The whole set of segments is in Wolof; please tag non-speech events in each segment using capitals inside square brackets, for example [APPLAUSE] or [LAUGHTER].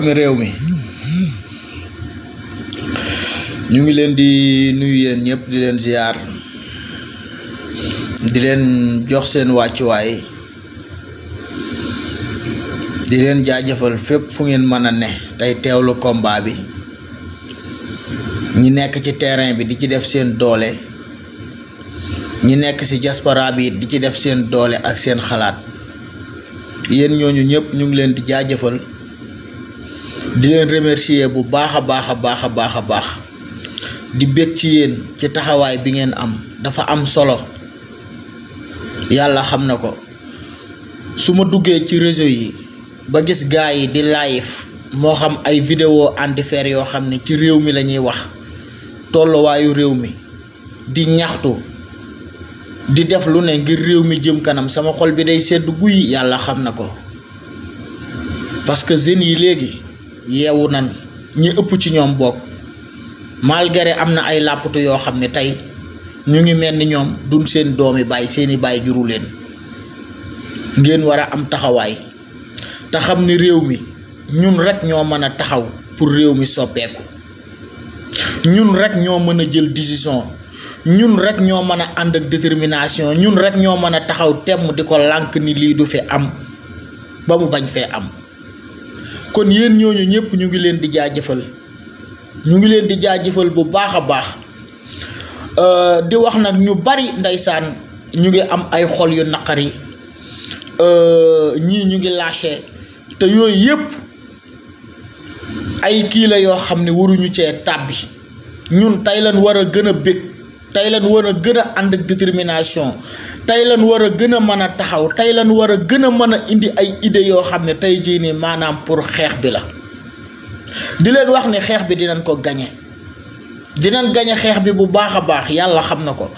doomi réew mi ñu ngi leen di nuyu yéen ñëpp di leen ziar di leen jox seen wàccuwaay di leen jaajëfal fépp fu ngeen mën a ne tey teewlu combat bi ñi nekk ci terrain bi di ci def seen doole ñi nekk ci diaspora bi di ci def seen doole ak seen xalaat yéen ñooñu ñëpp ñu ngi leen di jaajëfal di leen remercier bu baax a baax a baax a baax a baax di bég ci yéen ci taxawaay bi ngeen am dafa am solo yàlla xam na ko su ma duggee ci réseau yi ba gis gaa yi di live moo xam ay vidéo antifère yoo xam ne ci réew mi la ñuy wax tolluwaayu réew mi di ñaxtu di def lu ne ngir réew mi jëm kanam sama xol bi day sedd guy yàlla xam na ko parce que yi léegi yeewu nan ñi ëpp ci ñoom bokk malgare am na ay làppatu yoo xam ne tey ñu ngi mel ni ñoom du seen doomi baay seeni baay juru leen ngeen war a am taxawaay te xam ni réew mi ñun rek ñoo mën a taxaw pour réew mi soppeeku ñun rek ñoo mën a jël décision ñun rek ñoo mën a ànd ak détermination ñun rek ñoo mën a taxaw temm di ko lànk ni lii du fi am ba mu bañ fee am kon yéen ñooñu ñëpp ñu ngi leen di jaajëfal ñu ngi leen di jëfal bu baax a baax euh, di wax nag ñu bari ndeysaan ñu ngi am ay xol yu naqari euh, ñii ñu ngi lâché te yooyu yëpp ay kii la yoo xam ne waruñu cee tàbbi ñun tey lan war a gën a bég tey lan war a gën a ànd ak détermination tey lan war a gën a mën a taxaw tey lan war a gën a mën a indi ay idées yoo xam ne tey jii nii maanaam pour xeex bi la di leen wax ne xeex bi dinañ ko gañe dinañ gañe xeex bi bu baax a baax yàlla xam na ko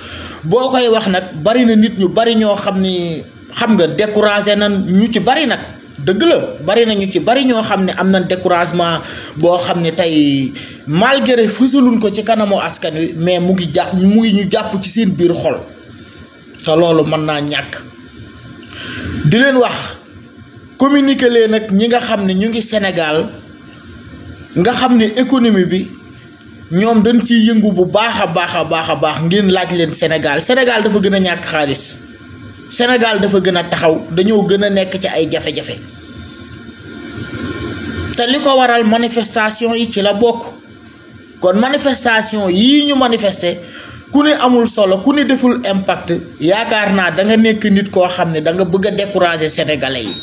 boo koy wax nag bari na nit ñu bari ñoo xam ni xam nga découragé nan ñu ci bari nag. dëgg la bari nañu ci bari ñoo xam ne am na découragement boo xam ne tey malgré fësaluñ ko ci kanamu askan wi mais mu ngi jàpp mu ngi ñu jàpp ci seen biir xol te loolu mën naa ñàkk di leen wax communiquer leen ak ñi nga xam ne ñu ngi Sénégal nga xam ne économie bi ñoom dañ ci yëngu bu baax a baax a baax a baax ngeen laaj leen Sénégal Sénégal dafa gën a ñàkk xaalis Sénégal dafa gën a taxaw dañoo gën a nekk ci ay jafe-jafe. te li ko waral manifestation yi ci la bokk kon manifestation yii ñu manifester ku ne amul solo ku ne deful impact yaakaar naa da nga nekk nit koo xam ne danga nga bëgg a décourager sénégalais yi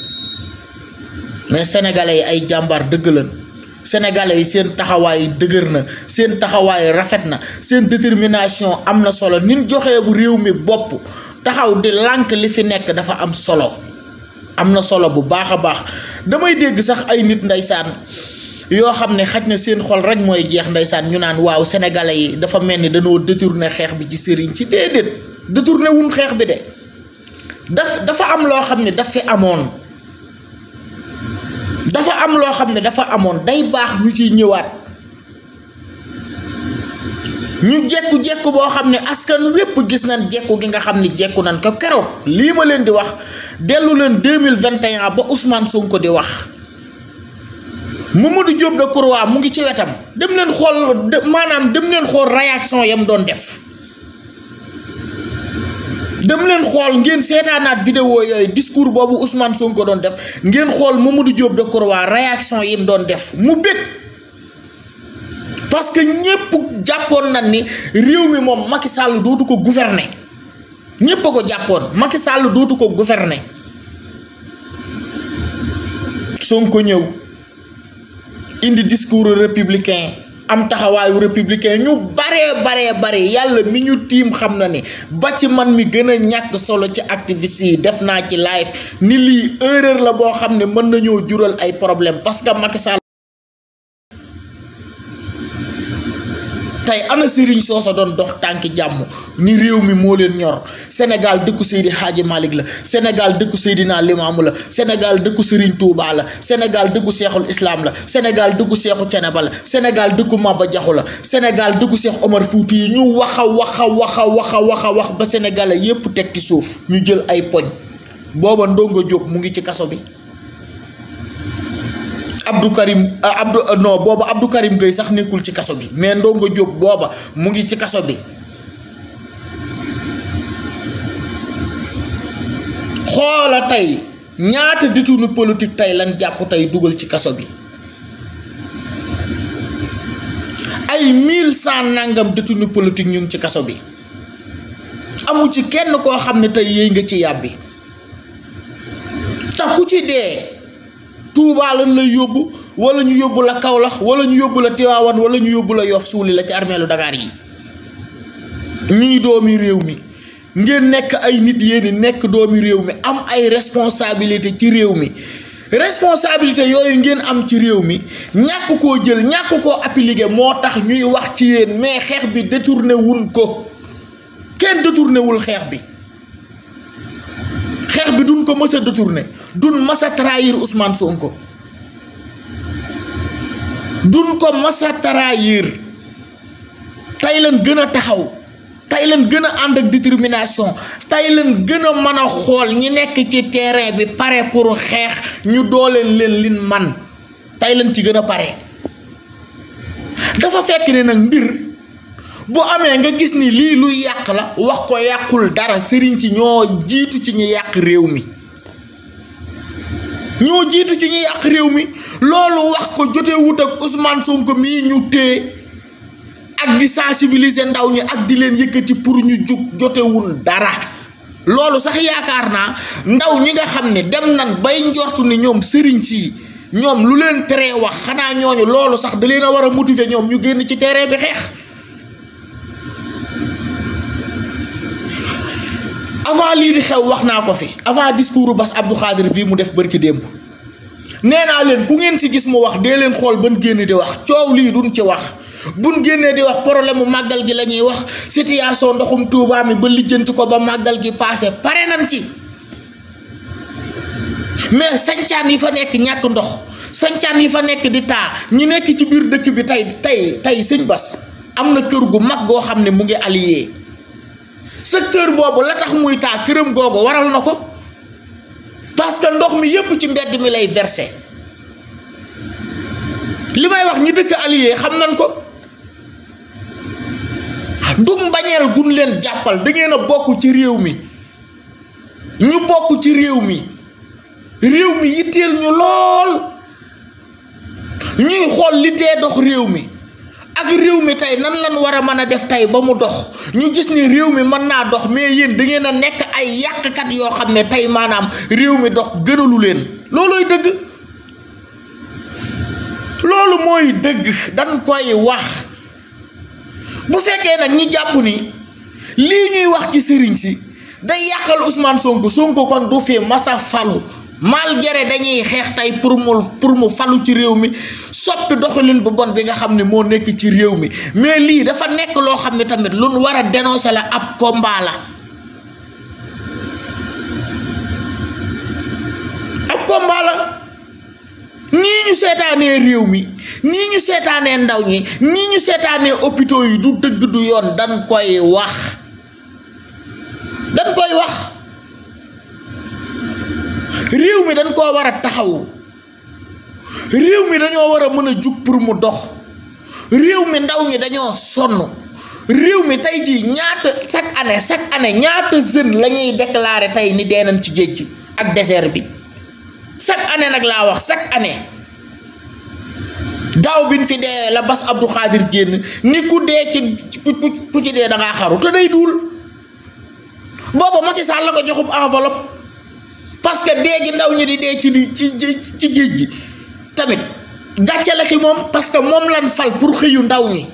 mais sénégalais yi ay jàmbar dëgg lañ sénégalais yi seen taxawaay dëgër na seen taxawaay rafet na seen détermination am na solo nin joxee bu réew mi bopp taxaw di lank li fi nekk dafa am solo. am na solo bu baax a baax damay dégg sax ay nit ndeysaan yoo xam ne xaj na seen xol rek mooy jeex ndeysaan ñu naan waaw sénégalais yi dafa mel ni dañoo détourné xeex bi ci sëriñ si déedéet détourné wuñ xeex bi de daf dafa am loo xam ne daf fi amoon dafa am loo xam ne dafa amoon day baax ñu ciy ñëwaat. ñu jekku-jekku boo xam ne askan wépp gis nañ jekku gi nga xam ne jekku nañ ko keroog lii ma leen di wax dellu leen 2021 ba Ousmane ko di wax mu Mamadou Diop Decroix mu ngi ci wetam dem leen xool maanaam dem leen xool réaction yam doon def dem leen xool ngeen seetaanaat vidéo yooyu discours boobu Ousmane ko doon def ngeen xool mu mu Mamadou Diop Decroix réaction yim doon def mu bëgg parce que ñépp jàppoon na ni réew mi moom Macky Sall dootu ko gouverner ñépp a ko jàppoon Macky Sall dootu ko gouverner Sonko ñëw indi discours républicain am taxawaayu républicain ñu bare baree bare yàlla mi ñu tiim xam na ni ba ci man mi gën a ñàkk solo ci activiste yi def naa ci live ni lii erreur la boo xam ne mën nañoo jural ay problème parce que tey ana sëriñ soosa doon dox tànki jàmm ni réew mi moo leen ñor Sénégal dëkku Seydi Hadji Malick la Sénégal dëkku Seydina Limaamu la Sénégal dëkku Sëriñ Tuubaa la Sénégal dëkku Seexul Islaam la Sénégal dëkku Seexu Ceneba la Sénégal dëkku Maba Jaxu la Sénégal dëkku Seex Omar Fuuti yi ñu waxa waxa waxa waxa wax ba Sénégalais yépp teg ci suuf ñu jël ay poñ booba Ndongo jóg mu ngi ci kaso bi Abdou Karim euh, Abdou euh, non booba Abdou Karim Gueye sax nekkul ci kaso bi mais Ndongo jóg booba mu ngi ci kaso bi xoola tey ñaata détenu politique tey lan jàpp tey dugal ci kaso bi ay mille cent nangam détenu politique ñu ngi ci kaso bi amu ci kenn koo xam ne tey yéy nga ci yàbbi te ku ci dee. Touba lan lay yóbbu wala ñu yóbbu la Kaolack wala ñu yóbbu la Tiwaawan wala ñu yóbbu la Yoff suuli la ci armeelu Dakar yi ñii doomi réew mi ngeen nekk ay nit yéen nekk doomi réew mi am ay responsabilité ci réew mi responsabilité yooyu ngeen am ci réew mi ñàkk ko jël ñàkk ko appliqué moo tax ñuy wax ci yéen mais xeex bi détourné wul ko kenn détourné wul xeex bi xeex bi duñ ko mës a détourné duñ mës a trahir Ousmane Sonko duñ ko mës a trahir tey leen gën a taxaw tey leen gën a ànd ak détermination tey leen gën a mën a xool ñi nekk ci terrain bi pare pour xeex ñu dooleel leen lin man tey leen ci gën a pare dafa fekk ne nag mbir. bu amee nga gis ni lii luy yàq la wax ko yàqul dara sëriñ ci ñoo jiitu ci ñu yàq réew mi ñoo jiitu ci ñu yàq réew mi loolu wax ko jotewut ak Ousmane Sonko mii ñu téye ak di sensibiliser ndaw ñi ak di leen yëkkati pour ñu jug jotewul dara loolu sax yaakaar naa ndaw ñi nga xam ne dem nan bay njortu ni ñoom sëriñ ci ñoom lu leen teree wax xanaa ñooñu loolu sax da leen a war a motiver ñoom ñu génn ci terrain bi xeex avant li di xew waxna ko fi avant discours bas abdou khadir bi mu def barki demb neena len ku ngeen ci gis mu wax de len xol ban genn di wax ciow li duñ ci wax buñ genné di wax problème magal gi lañuy wax situation ndoxum touba mi ba lijeent ko ba magal gi passé pare nan ci mais sancaan yi fa nek ñàkk ndox sancaan yi fa nek di ta ñi nek ci bir dëkk bi tay tay tay bas amna kër gu mag go xam mu ngi allier secteur boobu la tax muy taa këram googu waral na ko parce que ndox mi yépp ci mbedd mi lay versé li may wax ñi dëkk allié xam nañ ko ah ndum mbañeel gun leen jàppal da ngeen a bokk ci réew mi ñu bokk ci réew mi réew mi yitteel ñu lool ñuy xool li tee dox réew mi ak réew mi tey nan lan war a mën a def tey ba mu dox ñu gis ni réew mi mën naa dox mais yéen da ngeen a nekk ay yàqkat yoo xam ne tey maanaam réew mi dox gënalu leen loolooy dëgg loolu mooy dëgg dañ koy wax bu fekkee nag ñi jàpp ni lii ñuy wax ci sëriñ si day yàqal usmaan Sonko Sonko kon du fi masa falu malgré dañuy xeex tey pour mu pour mu falu ci réew mi soppi doxalin bu bon bi nga xam ne moo nekk ci réew mi mais lii dafa nekk loo xam ne tamit lu nu war a dénoncer la ab combat la ab combat la nii ñu seetaanee réew mi nii ñu seetaanee ndaw ñi nii ñu seetaanee hôpitaux yi du dëgg du yoon dañ koy wax dañ koy wax. réew mi dañ koo war a taxawu réew mi dañoo war a mën a jug pour mu dox réew mi ndaw ñi dañoo sonn réew mi tey jii ñaata chaque année chaque année ñaata jeune la ñuy déclarer tey ni dee nañ ci géej gi ak désert bi chaque année nag laa wax chaque année daaw bi ñu fi dee la Bass Abdou Khadir génn ni ku dee ci ku ci dee da ngaa xaru te day duul booba Macky Sall la ko joxub enveloppe. parce que dee gi ndaw ñi di dee ci ci ci géej gi tamit gàcce la ci moom parce que moom lan fal pour xëyu ndaw ñi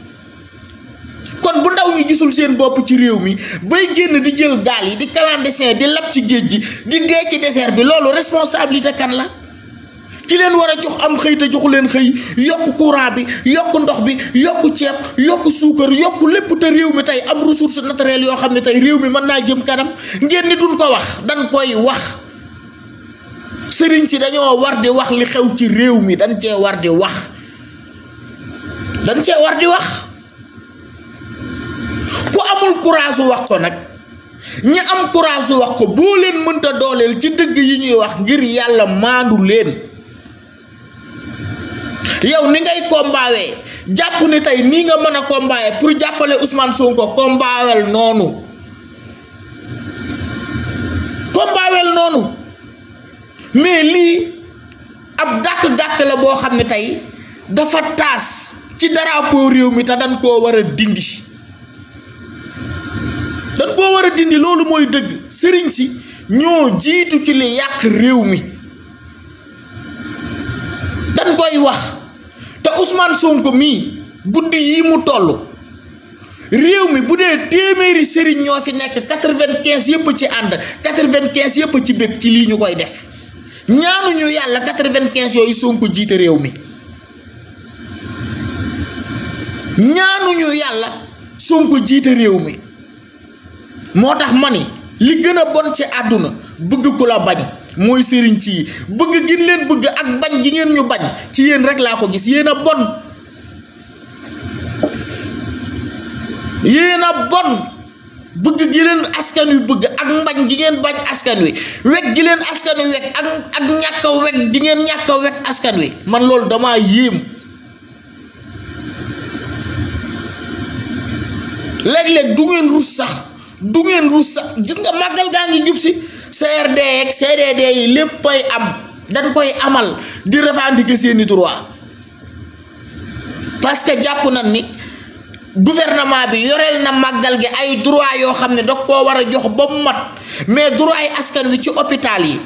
kon bu ndaw ñi gisul seen bopp ci réew mi bay génn di jël gaal yi di clandestin di lab ci géej gi di dee ci désert bi loolu responsabilité kan la ci leen war a jox am xëy te joxu leen xëy yokk courant bi yokk ndox bi yokk ceeb yokk suukar yokk lépp te réew mi tey am ressource naturelle yoo xam ne tey réew mi mën naa jëm kanam ngeen ni duñ ko wax dañ koy wax sëriñ si dañoo war di wax li xew ci réew mi dañ cee war di wax dañ cee war di wax ku amul courage wax ko nag ñi am courage wax ko boo leen mënta dooleel ci dëgg yi ñuy wax ngir yàlla maandu leen yow ni ngay kombaawee jàpp ni tey nii nga mën a kombaawee pour jàppale Ousmane Sonko kombaawel noonu kombaawel noonu mais lii ab gàkk-gàkk la boo xam ne tey dafa taas ci drapeau réew mi te dañ koo war a dindi war a dindi loolu mooy dëgg sëriñ si ñoo jiitu ci li yàq réew mi dañ koy wax te Ousmane Sonko mii guddi yi mu toll réew mi bu dee téeméeri sëriñ ñoo fi nekk quatre-vingt-quinze yëpp ci ànd quatre-vingt-quinze yëpp ci bëgg ci lii ñu koy def ñaanu ñu yàlla quatre-vingt-quinze yooyu Sonko jiite réew mi ñaanu ñaanuñu yàlla Sonko jiite réew mi moo tax ma ni li gën a bon ci àdduna bëgg ku la bañ mooy sëriñ ci yi bëgg gin leen bëgg ak bañ gi ngeen ñu bañ ci yéen rek laa ko gis yéen a bon yéen a bon bëgg gi leen askan wi bëgg ak mbañ gi ngeen bañ askan wi wekk gi leen askan wi wekk ak ñàkk a wekk ngeen ñàkk a askan wi man loolu damaa yéem léeg-léeg du ngeen rus sax du ngeen gis nga màggal gaa ngi jub si CRD ak CDD yi léppay am dañ koy amal di revendiquer seeni droit parce jàpp nañ ni. gouvernement bi yoreel na màggal gi ay droit yoo xam ne da koo war a jox ba mu mat mais droit yi askan wi ci hôpital yi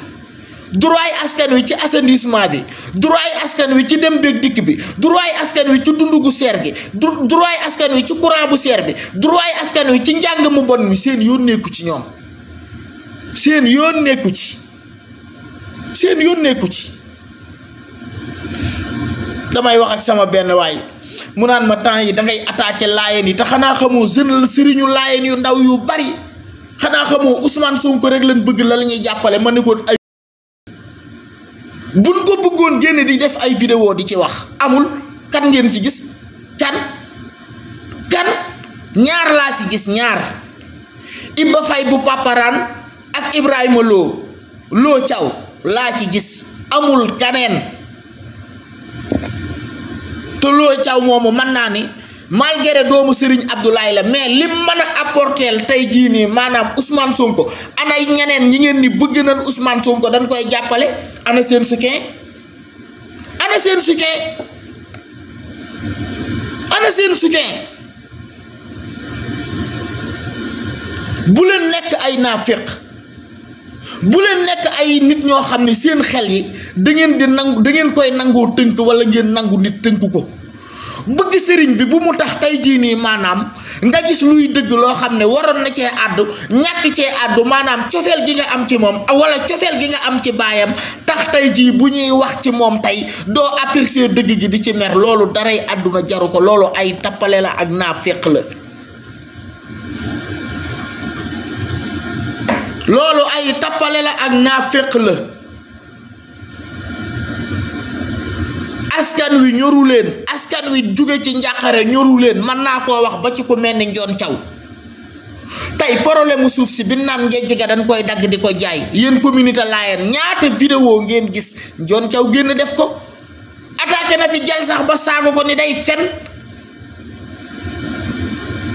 droit yi askan wi ci assainissement bi droit yi askan wi ci dem beeg dikk bi droit yi askan wi ci dund gu seer gi droit yi askan wi ci courant bu seer bi droit yi askan wi ci njàng mu bon mi seen yoon nekku ci ñoom seen yoon nekku ci seen yoon nekku ci damay wax ak sama benn way mu nan ma tan yi da ngay attaquer laayeen yi ta xana xamoo jeune sëriñu laayeen yu ndaw yu bari xana xamoo Ousmane Sonko rek lañ bëgg la lañuy jappalé man ko ay buñ ko bëggoon genn di def ay vidéo di ci wax amul kan ngeen ci gis kan kan ñaar la ci gis ñaar Ibba Fay bu paparan ak Ibrahima Lo Lo lah la ci gis amul kanen te loo caw moomu mën naa ni malgré doomu sëriñ Abdoulaye la mais lim mën a apporter tey jii nii maanaam usmaan Sonko ana ñeneen ñi ngeen ni bëgg nañ usmaan Sonko dañ koy jàppale ana seen soutien ana seen soutien ana seen soutien bu leen nekk ay naaféq bu leen nekk ay nit ñoo xam ne seen xel yi da ngeen di nangu da ngeen koy nangoo tënk wala ngeen nangu nit tënk ko bëgg sëriñ bi bu mu tax tey jii nii maanaam nga gis luy dëgg loo xam ne waroon na cee àddu ñàkk cee àddu maanaam cofeel gi nga am ci moom wala cofeel gi nga am ci baayam tax tey jii bu ñuy wax ci moom tey doo apprécier dëgg gi di ci mer loolu daray àdduna jaru ko loolu ay tappale la ak féq la loolu ay tappale la ak naaféq la askan wi ñoru askan wi jóge ci njàqare ñoru leen mën naa koo wax ba ci ku mel ni njoon caw tey problème mu suuf si bi naan ngejj ga dañ koy dagg di ko jaay yéen communauté laayeen ñaata vidéo ngeen gis njoon caw génn def ko attaqué na fi jal sax ba saago ko ni day fen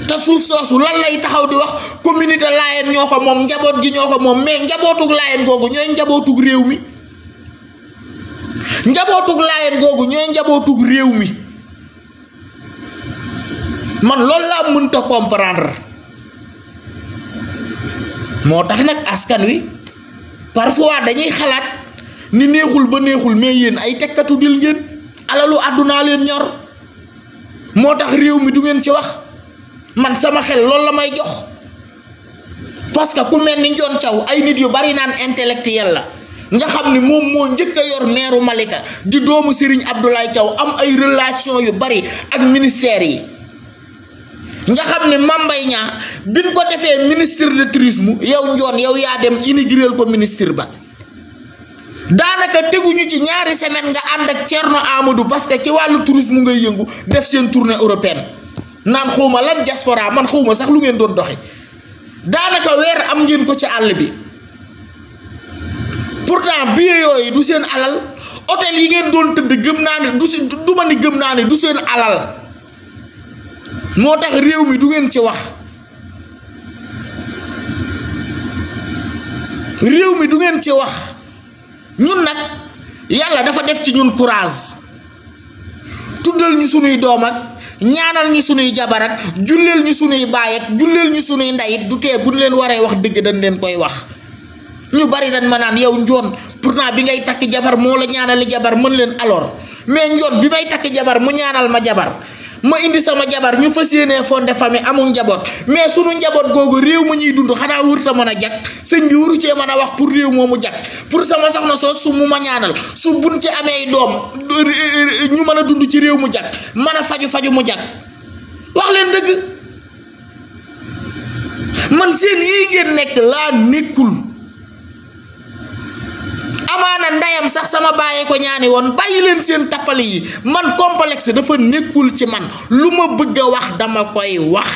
ta suuf soosu lan lay taxaw di wax communauté laayeen ñoo ko moom njaboot gi ñoo ko moom mais njabootug laayeen googu ñooy njabootug réew mi njabootug laayeen googu ñooy njabootug réew mi man loolu laa ta comprendre moo tax nag askan wi parfois dañuy xalaat ni neexul ba neexul mais yéen ay tekkatu dil ngeen alalu àddunaa leen ñor moo tax réew mi du ngeen ci wax man sama xel lol la may jox parce que ku melni ndion ciow ay nit yu bari nan intellectuel la nga xamni mom mo yor malika di doomu serigne abdoulaye ciow am ay relation yu bari ak ministère yi nga xamni mambay nya bin ko defee ministre de tourisme yow ndion yow ya dem inaugurer ko ministre ba daanaka teguñu ci ñaari semaine nga ànd ak cerno amadou parce que ci wàllu tourisme ngay yëngu def sen tournée européenne nan xuma lan diaspora man xuma sax lu ngeen doon doxé danaka wér am ngeen ko ci all bi pourtant billet yoy du seen alal hôtel yi ngeen doon teud gëm naani ne du duma ni gëm naani du seen alal motax rew mi du ngeen ci wax rew mi du ngeen ci wax ñun nak yalla dafa def ci ñun courage tuddal ñu suñuy doom ak ñaanal ñu sunuy jabarat julleel ñu sunuy baay ak julleel ñu sunuy ndayit du tee buñ leen waree wax dëgg dañ leen koy wax ñu bari dañ ma naan yow njoon pourtant bi ngay takk jabar moo la ñaanali jabar mën leen aloor mais njoon bi may takk jabar mu ñaanal ma jabar ma indi sama jabar ñu fas yéenee fondé famille amul njaboot mais su sunu njaboot googu réew ma ñuy dund xanaa wër sa mën a jag sëñ bi wuru cee mën a wax pour réew mu jag pour sama soxna soo su mu ma ñaanal su buñ ci amee doom ñu mën a dund ci réew mu jag mën a faju faju mu jag wax leen dëgg man seen yii ngeen nekk laa nekkul. amana ndayam sax sama baye ko ñaani won bàyyi leen seen man complexe dafa nekkul ci man luma bëgg wax dama koy wax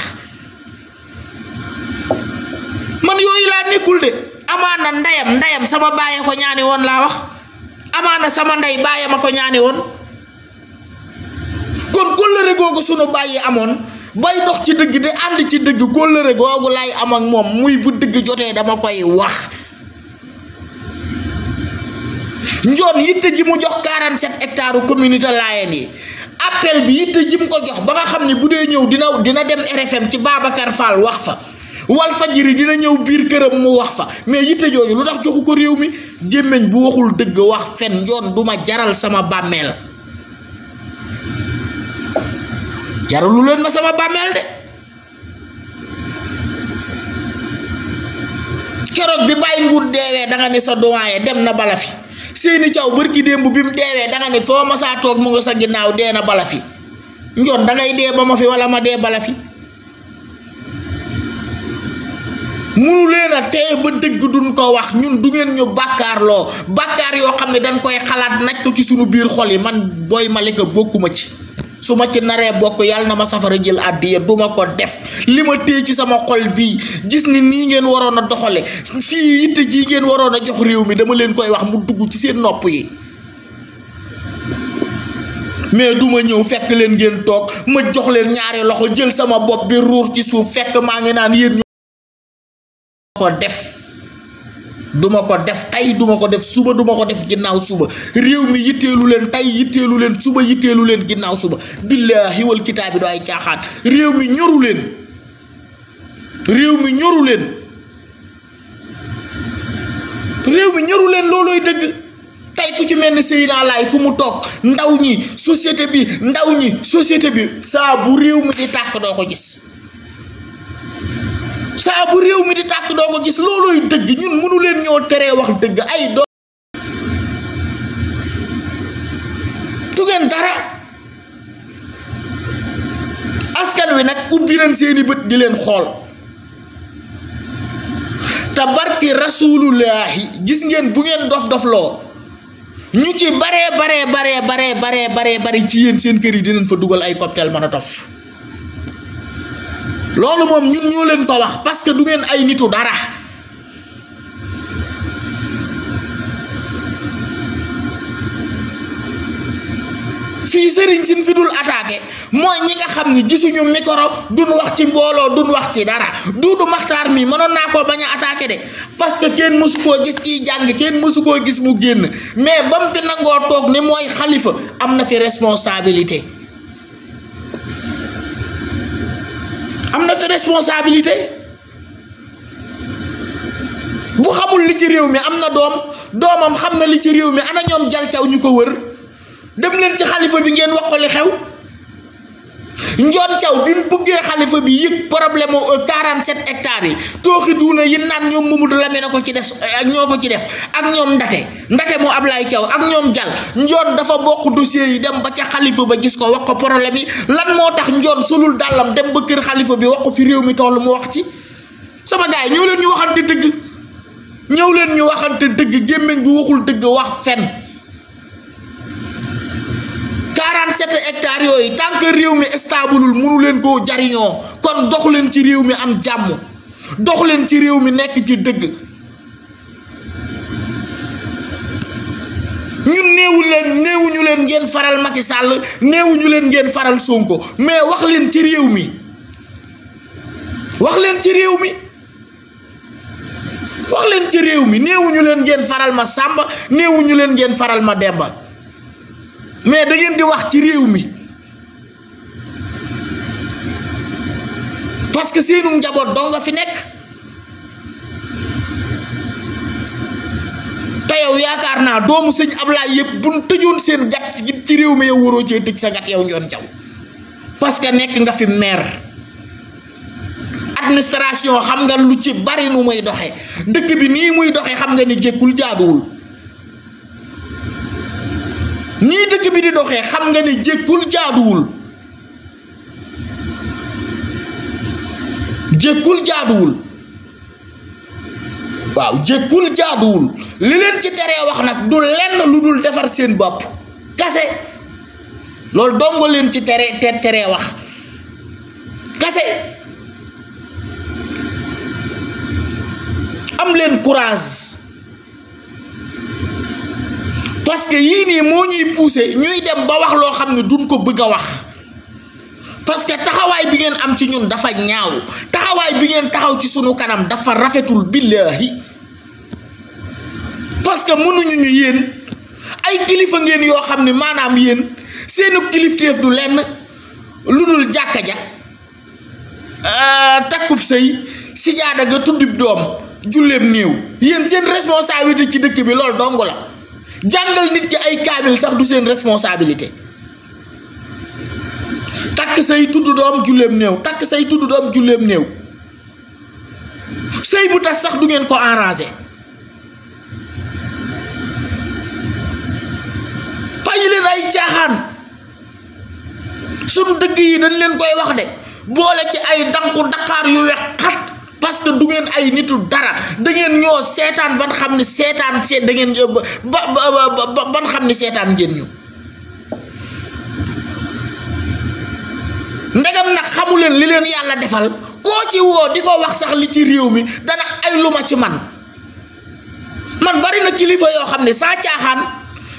man yoy la nekkul de amana ndayam ndayam sama baye ko ñaani won la wax amana sama nday baye ma ko ñaani won kon bayi amon, suñu baye amon bay dox ci deug de and ci dëgg kóllëre lay am ak mom muy bu deug dama koy wax njoon yitte ji mu jox 47 hectares communauté layen yi appel bi yitte ji mu ko jox ba nga xamni budé ñew dina dina dem rfm ci babacar fall wax fa wal fajiri dina ñew bir kërëm mu wax fa mais yitte joju lu tax joxu ko réew mi bu waxul deug wax fen duma jaral sama Bamel. jaralu leen ma sama bammel de kérok bi bay ngour deewee da nga ni sa doyen dem na balafi seeni caw bërki démb bi mu deewee danga ne foo ma saa toog mu nga sa ginnaaw dee na bala fi njoon dangay dee ba ma fi walla ma dee bala fi munu leen a teye ba dëgg duñ ko wax ñun du ngeen ñu bàkkaarloo bakkaar yoo xam ne dañ koy xalaat naj ko ci sunu biir xol yi man booy malika bokkuma ci su ma ci naree bokk yàlla na ma safara jël àddiya bu ma ko def li ma téye ci sama xol bi gis ni nii ngeen waroon a doxale fii te jii ngeen waroon a jox réew mi dama leen koy wax mu dugg ci seen nopp yi mais du ma ñëw fekk leen ngeen toog ma jox leen ñaari loxo jël sama bopp bi ruur ci suuf fekk maa ngi naan yéen ñu ko def duma ko def tey duma ko def suba duma ko def ginnaaw suba réew mi yitteelu leen tey yitteelu leen suba yitteelu leen ginnaaw suba billaahi wal kitaabi doo ay caaxaan réew mi ñoru leen réew mi ñoru leen réew mi leen loolooy dëgg tey ku ci mel ni Seydina fu mu toog ndaw ñi société bi ndaw ñi société bi saabu réew mi di tàkk doo ko gis sa bu rew mi di tak do ko gis looloy deug ñun mënu leen ñoo téré wax deug ay do tu ngeen dara askan wi nak ubbi nañ seeni bët di leen xol ta barki rasulullah gis ngeen bu ngeen dof dof lo. ñu ci bare bare bare bare bare bare bare ci yeen seen kër yi nañ fa duggal ay cocktail lolu mom ñun ñoo leen ko wax parce que du ngeen ay nitu dara fi serigne ci fi dul attaqué mooy ñi nga xamni gisunu micro duñ wax ci mbolo duñ wax ci dara duudu maktar mi mënon na ko baña a attaqué de parce que kenn musuko gis ci jang kenn musuko gis mu génn mais bam fi nango tok ni moy khalifa amna fi responsabilité am na fi responsabilité bu xamul li ci réew mi am na doom doomam xam na li ci réew mi ana ñoom jalcaw ñu ko wër dem leen ci xalifa bi ngeen wax xew njoon caw bi mu bëggee xalifa bi yëg problème mu 47 euh, hectares yi too tooxi duuna yi naan ñoom Mamadou Lamine a ko ci def euh, ak ñoo ko ci def ak ñoom Ndate Ndate moo Ablaye Thiaw ak ñoom Jal Ndione dafa bokk dossier yi dem ba ca xalifa ba gis ko wax ko problème yi lan moo tax Ndione solul dàllam dem ba kër xalifa bi wax ko fi réew mi toll mu wax ci sama gars yi ñëw leen ñu waxante dëgg ñëw leen ñu waxante dëgg gémmiñ bu waxul dëgg wax fen quarante-sept hectares yooyu tànk réew mi staabulul mënu leen koo jariñoo kon dox leen ci réew mi am jàmm dox leen ci réew mi nekk ci dëgg ngir néewul leen néewuñu leen ngeen faral Macky Sall néewuñu leen ngeen faral Sonko mais wax leen ci réew mi wax leen ci réew mi wax leen ci réew mi néewuñu leen ngeen faral ma Samba néewuñu leen ngeen faral ma Demba mais da ngeen di wax ci rew mi parce que seenu njaboot do nga fi nek tayaw yow doomu seigne ablaye yeb buñ tëjoon seen gat ci rew mi yow woro ci tej sa gat yow ñoon jaw parce que nek nga fi maire administration xam nga lu ci bari nu muy doxé dëkk bi ni muy doxé xam nga ni jékkul jaadul nii dëkk bi di doxee xam nga ne jékkul jaaduwul jékkul jaaduwul waaw jékkul jaaduwul li leen ci teree wax nag du lenn lu dul defar seen bopp kase lool dongo leen ci tere te teree wax kase am leen courage parce que yi ni mo ñuy pousser ñuy dem ba wax lo xam duñ ko bëgg wax parce que taxaway bi ngeen am ci ñun dafa ñaaw taxaway bi ngeen taxaw ci suñu kanam dafa rafetul billahi parce que mënu ñu ñu yeen ay kilifa ngeen yo xam manam yeen yéen seenu kilifteef du lenn lu dul jàkka ja euh, takkub sëy sijaada ga tuddib dom jullem niw yeen seen responsabilité ci dëkk bi lool dong la jàngal nit ki ay kaamil sax du seen responsabilité takk say tudd doom julleem néew takk say tudd doom julleem néew sëy bu tas sax du ngeen ko arrangé bàyyi leen ay caaxaan suñ dëgg yi dañ leen koy wax de boole ci ay danku daqaar yu weex xat parce que du ngeen ay nitu dara da ngeen ñoo setan ban xamni setan ci da ngeen ban xamni setan ngeen ñu ndegam na xamulen li leen yalla defal ko ci wo di wax sax li ci rew mi dana ay luma ci man man bari na kilifa yo xamni sa tiaxan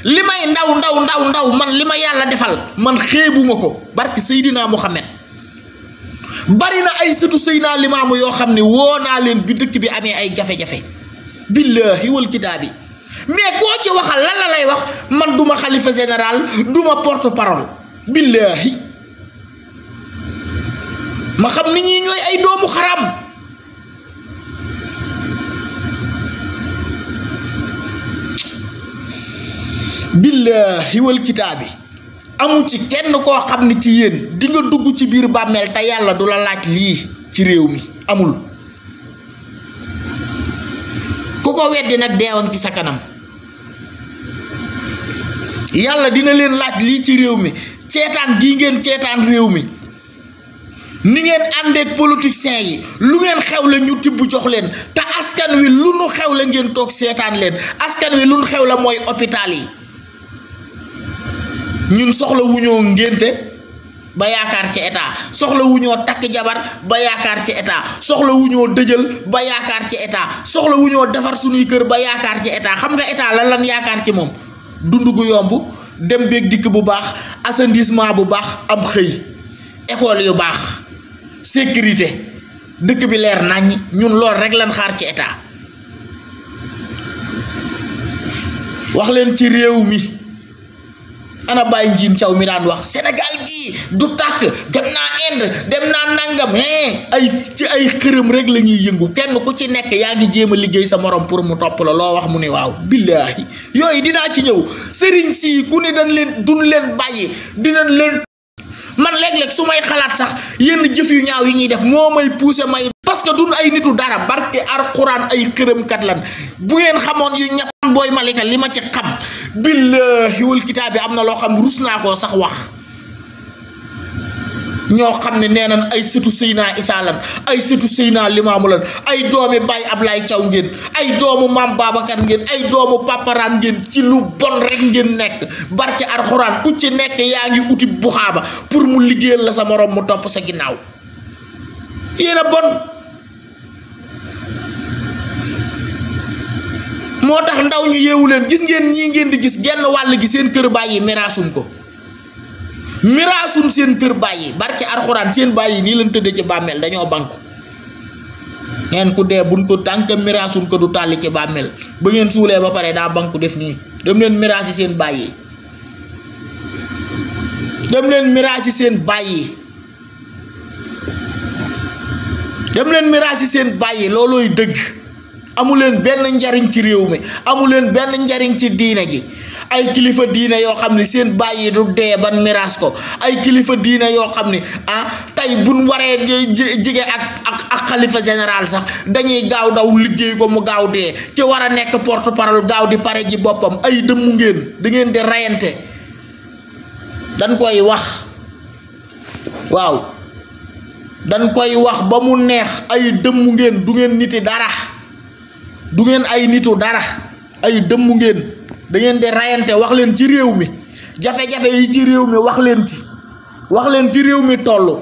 limay ndaw ndaw ndaw ndaw man limay yalla defal man xeebuma barki sayidina muhammad bari na ay sëtu Seydina Limaamu yoo xam ne woo naa leen bi dëkk bi amee ay jafe-jafe billaahi wal kitaabi mais koo ci waxal lan la lay wax man duma xalifa général duma porte parole billaahi ma xam ni ñii ñooy ay doomu xaram billaahi wal kitaabi amu ci kenn ko xamni ci yeen di nga dugg ci biir bammel ta yalla du la laaj li ci rew mi amul ku ko wedd nak deewon ci sa kanam dina len laaj li ci rew mi ceetaan gi ngeen ceetaan rew mi ni ngeen ande politiciens yi lu ngeen xew la ñu tibbu jox len ta askan wi lu nu xew la ngeen tok len askan wi lu nu xew la moy hôpital yi ñun soxla wuñoo ngénte ba yaakaar ci état soxla takk jabar ba yaakaar ci état soxla wu ba yaakaar ci état soxla wu defar suñuy kër ba yaakaar ci état xam nga état lan lan yaakaar ci moom dund gu yomb dem beeg dikk bu baax assainissement bu baax am xëy école yu baax sécurité dëkk bi leer naññ ñun lool rek lan xaar ci état waxleen ci réew mi. ana bayi njim ciaw mi dan wax senegal gi du tak dem na inde dem na nangam he ay ci ay xereum rek lañuy yëngu kenn ku ci nekk yaangi jema liggey sa morom pour mu top la lo wax mu ni waw billahi yoy dina ci ñew serigne si ku ni dañ leen dun leen bayyi dinañ leen man leg leg sumay xalaat sax yeen jëf yu ñaaw yi ñi def moo may pousser may parce que dun ay nitu dara barke alquran ay xereum kat lan bu ngeen xamone yu ñap man booy malika li ma ci xam billahi wal kitaab bi am na loo xam rus naa koo sax wax ñoo xam ne nee na ay sëtu Seydina Isaa lan ay sëtu Seydina Limaamu lan ay doomi Baay Ablaay Caw ngeen ay doomu Maam Babacar ngeen ay doomu paparaan ngeen ci lu bon rek ngeen nekk barke Alxuraan ku ci nekk yaa ngi uti buxaaba pour mu liggéeyal la sa moroom mu topp sa ginnaaw yéen a bon motax ndaw ñu yewu leen gis ngeen ñi ngeen di gis genn wàll gi seen kër bayyi mirasum ko mirasum seen kër bayyi barki alquran seen bayyi ni lañ tëdd ci bammel dañoo banku ngeen ku dee buñ ko tank mirasum ko du tali ci bammel ba ngeen suulee ba pare da banku def ni dem leen mirasi seen bayyi dem leen mirasi seen bayyi dem leen mirasi seen bayyi loloy deug amuleen benn njariñ ci réew mi amuleen benn njariñ ci diine ji ay kilifa diine yoo xam ne seen bàyyi du dee ban miraas ko ay kilifa diine yoo xam ne ah bu buñ waree jige ak ak ak xalifa général sax dañuy gaaw daw liggéey ko mu gaaw dee ci war a nekk porte parole gaaw di pare ji boppam ay dëmmu ngeen di ngeen di rayante dañ koy wax waaw dañ koy wax ba mu neex ay dëmmu ngeen du ngeen niti dara du ngeen ay nitu dara ay dëmm ngeen da ngeen di rayante wax leen ci réew mi jafe-jafe yi ci réew mi wax leen ci wax leen fi réew mi toll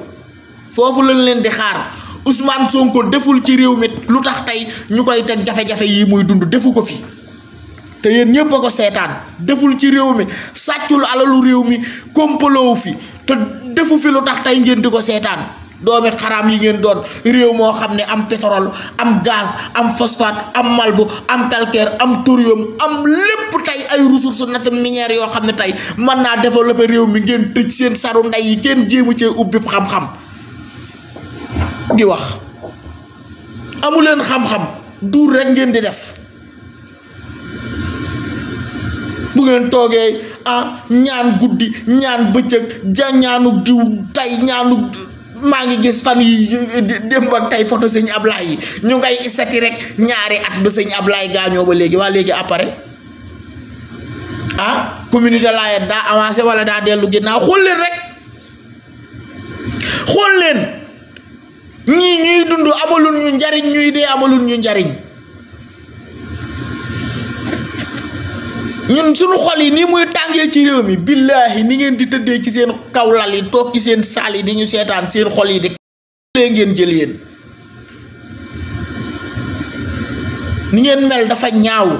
foofu lañ leen di xaar Ousmane Sonko deful ci réew mi lu tax tey ñu koy teg jafe-jafe yi muy dund defu ko fi te yéen ñëpp a ko seetaan deful ci réew mi sàccul alalu réew mi kompaloowu fi te defu fi lu tax tey ngeen di ko seetaan. doomi xaraam yi ngeen doon réew moo xam ne am pétrole am gaz am phosphate am malbu am calcaire am thorium am lépp tey ay ressources naturelles minières yoo xam ne tey mën naa développer réew mi ngeen tëj seen saru ndey yi kenn jéemu cee ubbi xam-xam di wax amu leen xam-xam duur rek ngeen di def bu ngeen toogee ah ñaan guddi ñaan bëccëg ja ñaanu diw tay ñaanu. maa ngi gis fan yi démb ak tey photo sëñ Ablaay yi ñu ngay sati rek ñaari at ba sëñ Ablaay gaañoo ba léegi waa léegi appare ah communauté laayeen daa avancé wala daa dellu ginnaaw xool leen rek xool leen ñii ñuy dund amalul ñu njariñ ñuy dee amalul ñu njariñ ñun suñu xol yi ni muy tangé ci réew mi billahi ni ngeen di tëddee ci seen kawlal yi tok ci seen sal yi di ñu sétan seen xol yi di lé ngeen jël yeen ni ngeen mel dafa ñaaw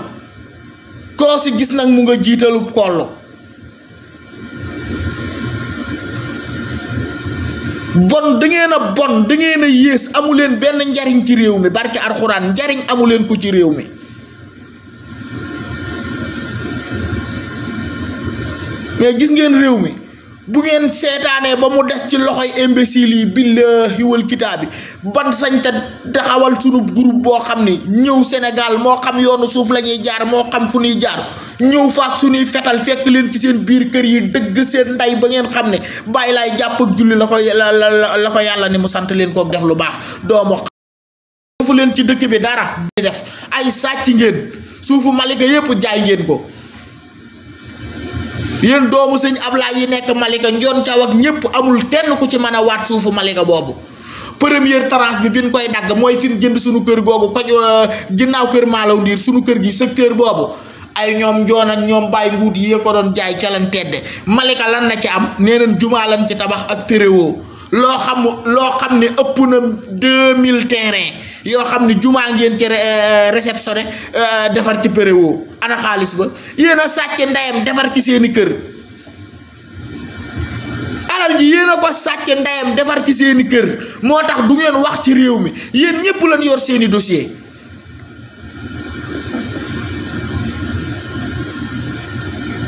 ko ci gis nak mu nga jiitalu koll bon da ngeen bon da ngeen yes amulen amu njariñ ci réew mi barke alcorane njariñ amu ko ci réew mi mais gis ngeen réew mi bu ngeen seetaanee ba mu des ci loxoy imbécile yi billahi wal kitaabi ban sañ ta taxawal sunu groupe boo xam ni ñëw sénégal moo xam yoonu suuf la ñuy jaar moo xam fu ñuy jaar ñëw faak suñuy fetal fekk leen ci seen biir kër yi dëgg seen nday ba ngeen xam ne bàyyi laay jàpp ak julli la ko la ko yàlla ni mu sant leen koog def lu baax doomu fu leen ci dëkk bi dara di def ay sàcc ngeen suufu malika yépp jaay ngeen ko yéen doomu sëñ Ablaay yi nekk Malika njoon caw ak ñépp amul kenn ku ci mën a waat suufu Malika boobu première tranche bi biñ koy dagg mooy fi jënd suñu kër googu ko euh, ginnaaw kër maalaw ndiir suñu kër gi secteur boobu ay ñoom joon ak ñoom bàyyi nguut yi ko doon jaay ca lan tedde Malika lan na ci am nee nañ jumaa lan ci tabax ak téréwoo loo xam loo xam ne ëpp na deux mille terrain yoo xam ne jumaa ngeen ci euh, réceptionné euh, defar ci péréwoo ana xaalis ba yéen a sàcc ndeyam defar ci seeni kër alal ji yéen a ko sàcc ndeyam defar ci seeni kër moo tax du ngeen wax ci réew mi yéen ñëpp lañ yor seeni dossier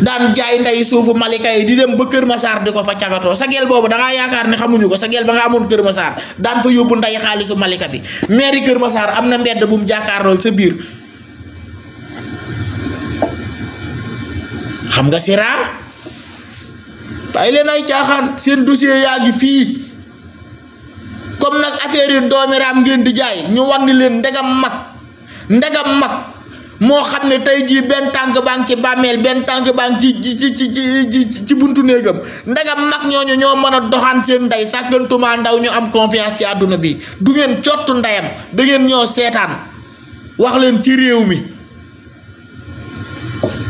Dan jaay nday suufu malika yi di dem ba keur massar diko fa cagatoo sa gel bobu da nga yakar ne xamuñu ko sa gel ba nga amoon keur massar dan fa yóbbu nday xaalisu malika bi mairie keur massar am mbedd bu mu jakarol sa bir xam nga sira tay lenay tiaxan sen dossier yaagi fi comme nak affaire domi ram ngeen di jaay ñu leen ndegam mak ndegam mak moo xam ne tey jii benn tànk baa ci bàmmeel benn tànk baa ngi ci ci ci ci buntu néegam ndagam mag ñooñu ñoo mën a doxaan seen ndey sàkkantuma ndaw ñu am confiance ci àdduna bi du ngeen cottu ndeyam da ngeen ñoo seetaan wax leen ci réew mi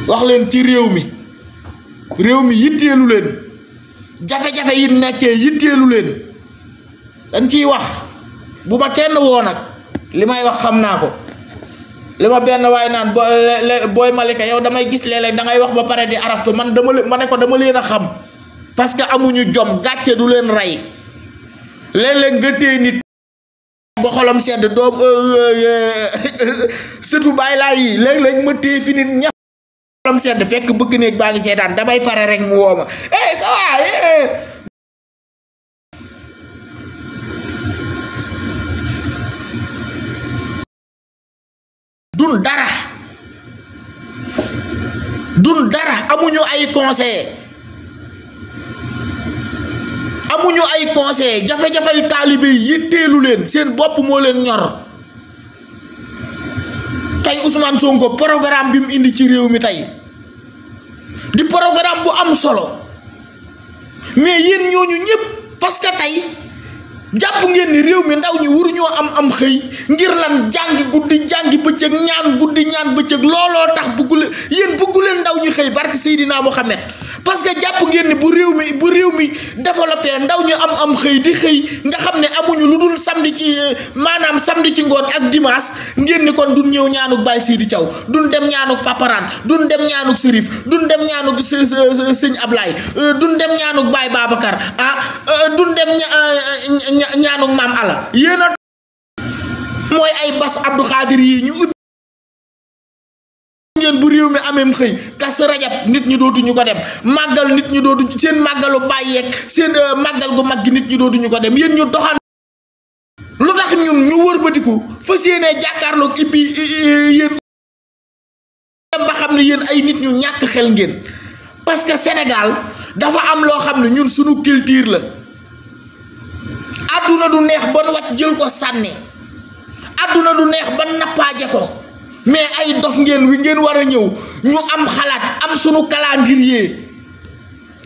wax ci réew mi réew mi yitteelu leen jafe-jafe yi nekkee yitteelu leen dañ ciy wax bu ma kenn woo nag li may wax xam naa ko li ma benn waaye naan bo booy Malika yow damay gis léeg-léeg wax ba pare di araftu man dama ma ne ko dama leen xam parce que amuñu jom gàcce du leen rey léeg-léeg nga téye nit ba xolam sedd doom euh, euh, euh, surtout bàyyi laa yi léeg-léeg ma téye fi nit ñax fekk bëgg néeg baa ngi seetaan damay pare rek mu dun dara dun dara amuñu ay conseil amuñu ay conseil jafé jafé talibé yittélu len sen bop mo len ñor tay Ousmane Sonko programme bi mu indi ci réew mi tay di programme bu am solo mais yeen ñoñu ñëpp parce que tay japp ngeen ni rew mi ndaw ñi ñoo am am xey ngir lan jàngi guddi becc ak ñaan guddi ñaan ak loolo tax yeen bugul bugguleen ndaw ñi xey barki sayidina muhammad parce que japp ngeen ni bu rew mi bu rew mi développer ndaw ñu am am xey di xey nga xamne amuñu luddul samedi ci manam samedi ci ngone ak dimanche ngeen ni kon duñ ñew ñaanu Baye sayidi ciow duñ dem ñaanu paparan duñ dem ñaanu Serif duñ dem ñaanu seigne Ablaye euh, duñ dem ñaanu Baye babakar ah euh, duñ dem euh, ñaanuk mam ala yeena iya moy ay bass abdou khadir yi ñu ngeen bu rew mi amem xey kas rajab nit ñi dootuñu ko dem magal nit ñi dootu seen màggalu bàyyeeg seen euh, magal gu mag nit ñi dootuñu ko dem yeen ñu doxan lu tax ñun ñu wërbeetiku fas jakarlo jàkkaarloog yeen dem ba xamni yeen ay nit ñu ñak xel ngeen parce que senegal dafa am lo xamni ñun suñu culture la àdduna du neex ba wat jël ko sànni àdduna du neex ba nappaaje ko mais ay dof ngeen wi ngeen war a ñëw ñu am xalaat am sunu calendrier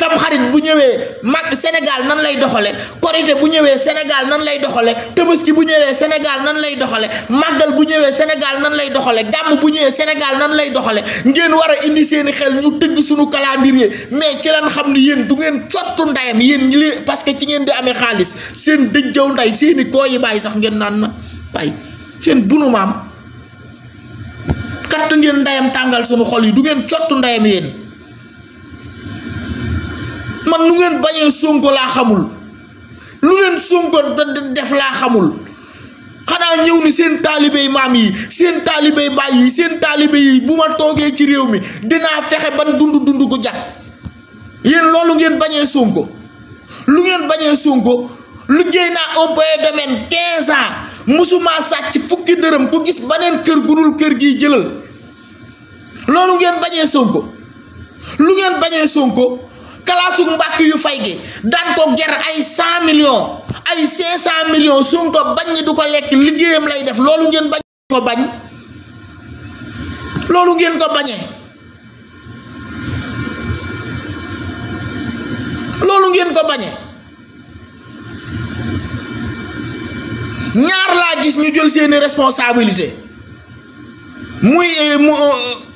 tamxarit bu ñëwee mag Sénégal nan lay doxale korité bu ñëwee Sénégal nan lay doxale tabaski bu ñëwee Sénégal nan lay doxale màggal bu ñëwee Sénégal nan lay doxale gàmm bu ñëwee Sénégal nan lay doxale ngeen war a indi seeni xel ñu tëgg suñu calendrier mais ci lan xam ne yéen du ngeen cottu ndayam yéen ñi parce que ci ngeen di amee xaalis seen jëw nday seeni koo yi bàyyi sax ngeen naan na bàyyi seen bunu maam katt ngeen ndayam tàngal suñu xol yi du ngeen cottu ndayam yéen man lu ngeen bañe sonko la xamul lu ngeen sonko def la xamul xana ñew ni seen talibé maam yi seen talibé baay yi seen talibé yi bu ma toogee ci réew mi dina fexé ban dundu dundu ko jatt yeen loolu ngeen bañe sonko lu ngeen bañee sonko geyna on employé domaine 15 ans musuma sacc fukki deureum ku gis banen keur gudul keur gi jeulal loolu ngeen bañe sonko lu ngeen bañe sonko kalaasu mbàkk yu fay dan ko ger ay 100 million ay 500 million sun ko bañ du ko lek liggéeyam lay def lolou ngeen bañ ko bañ lolou ngeen ko bañee lolou ngeen ko bañee ñaar la gis ñu jël seen responsabilité muy eh, eh,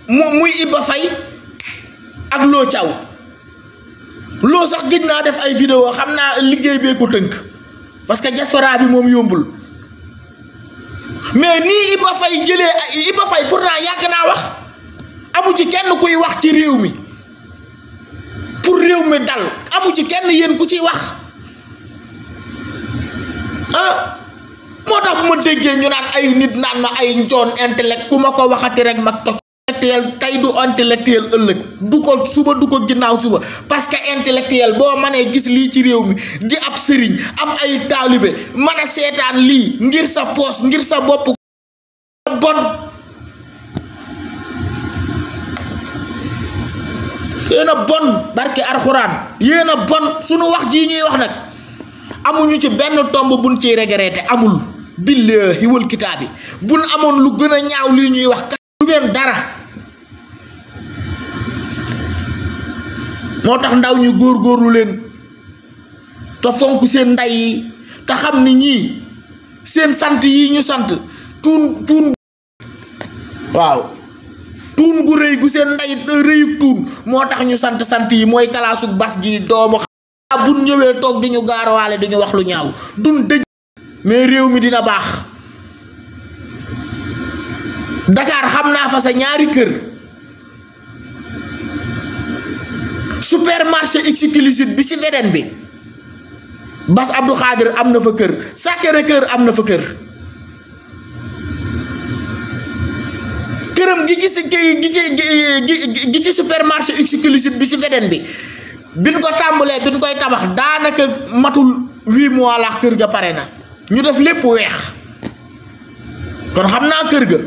muy Iba fay ak Lo Thiaw loo sax gëj naa def ay vidéo xam naa liggéey bee ko tënk parce que diaspora bi moom yombul mais nii fay Faye jëlee ay Iba Faye pourtant yàgg naa wax amu ci kenn kuy wax ci réew mi pour réew mi dal amu ci kenn yéen ku ciy wax ah moo tax bu ma déggee ñu naan ay nit naan ma ay njoon intellect ku ma ko waxati rek mag toj intellectuel tay du intellectuel ëlëk du ko suba du ko ginnaw suba parce que intellectuel bo mané gis li ci réew mi di ab serigne am ay talibé mané sétane li ngir sa poste ngir sa bop bon yena bon barki alquran yena bon sunu wax ji ñuy wax nak amuñu ci benn tombe buñ ci regretter amul billahi wal kitabi bun amon lu gëna ñaaw li ñuy wax du ngeen dara motax ndaw ñu góorgóorlu leen ta fonku seen nday yi te xam ni ñi seen sante yi ñu sante tun tun, waaw tun gu reey gu seen nday reey tun motax ñu sante sante yi mooy kalaasug bas gi doomu bu ñëwee toog di ñu gaarawaale di ñu wax lu ñaaw dun dëj mais réew mi dina bax Dakar xamna fa sa ñaari kër supermarché exclusif bi ci beneen bi Bass Abdou Khadir am na fa kër Sacré-Cœur am na fa kër këram gi ci gi ci gi ci supermarché exclusif bi ci beneen bi biñ ko tàmbalee biñ koy tabax daanaka matul huit mois laax kër ga pare na ñu def lépp weex kon xam naa kër ga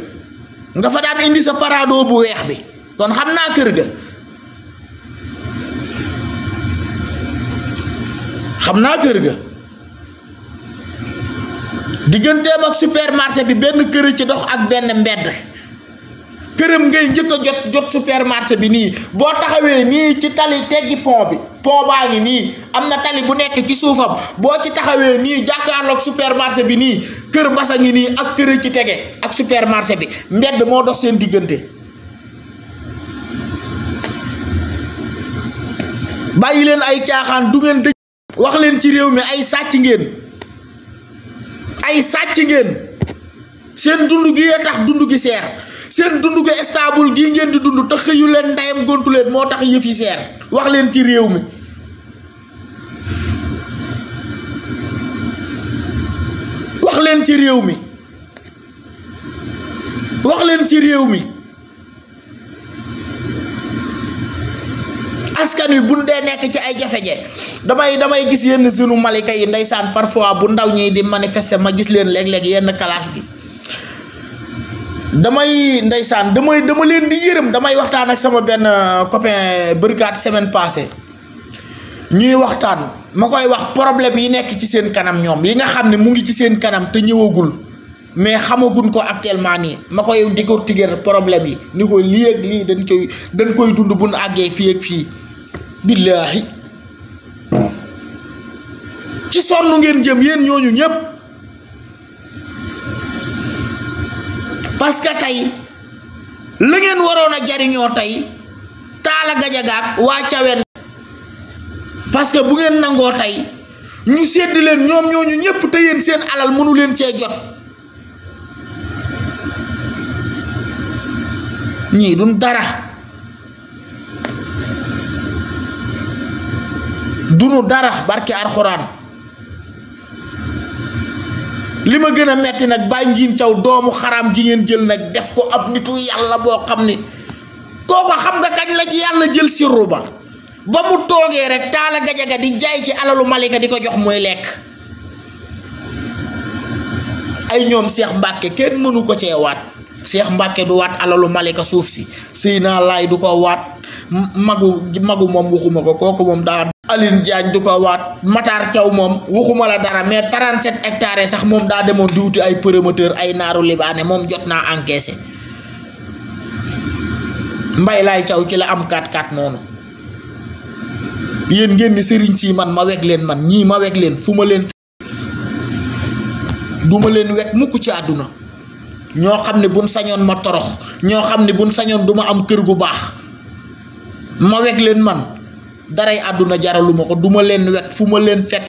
nga fa daan indi sa parado bu weex bi kon xam naa kër ga xamna keur ga digeunte mak supermarché bi ben keur ci dox ak ben mbedd keureum ngay njëkk jot jot supermarché bi ni bo taxawé ni ci tali téggi pont bi pont baangi ni amna tali bu nekk ci suufam bo ci taxawé ni jakarlok supermarché bi ni keur basa ngi ni ak keur ci tege ak supermarché bi mbedd mo dox seen diggante bàyyi ay tiaxan du ngeen wax leen ci réew mi ay sàcc ngeen ay sàcc ngeen seen dund gi tax dund gi seer seen dund gi stable gii ngeen di dund te xëyu leen ndeyam gontu moo tax yëf yi seer wax leen ci réew mi wax leen ci réew mi wax ci réew mi askan wi buñ dee nekk ci ay jafé jé damay damay gis yenn sunu malika yi ndaysan parfois bu ndaw ñi di manifester ma gis leen léeg-léeg yenn classe gi damay ndaysan damay dama leen di yërem damay waxtaan ak sama ben euh, copain brigade semaine passée ñuy waxtaan makoy wax problème yi nek ci seen kanam ñom yi nga xamne mu ngi ci seen kanam te ñewagul mais xamagun ko actuellement ni makoy koy décortiquer problème yi ni ko li ak li dañ koy dañ koy dund bu nu àggee ak fi billaahi ci sonn ngeen jëm yéen ñooñu ñépp parce que tey la ngeen waroon a jariñoo tey taala gajagaak waa caween parce que bu ngeen nangoo tey ñu sedd leen ñoom ñooñu ñépp te yéen seen alal mënu leen cee jot ñii duñ dara dunu darah barke arhoran lima ma gën a metti caw doomu xaraam ji ngeen jël nag def ko ab nitu yàlla boo xam ni kooku xam nga kañ la yàlla jël sirru ba ba mu rek taala gajaga di jaay ci alalu malika di ko jox mooy lekk ay ñoom Cheikh Mbacke kenn mënu ko Cheikh Mbacke du alalu malika suuf si Seyna Laay du ko magu magu mom waxuma ko koko mom da Aline Diagne du ko waat Matar Thiaw moom waxuma la dara mais 37 hectares sax moom daa demoon diwuti wuti ay promoteur ay naaru libaane moom jot naa encaissé mbay laay caw ci la am 4-4 noonu yéen ngeen sëriñ si man ma weg leen man ñii ma weg leen fu ma leen du ma leen wet mukk ci àdduna ñoo xam ne buñ sañoon ma torox ñoo xam ne buñ sañoon duma am kër gu baax ma weg leen man daray àdduna jaraluma ko duma leen wekk fu ma leen fekk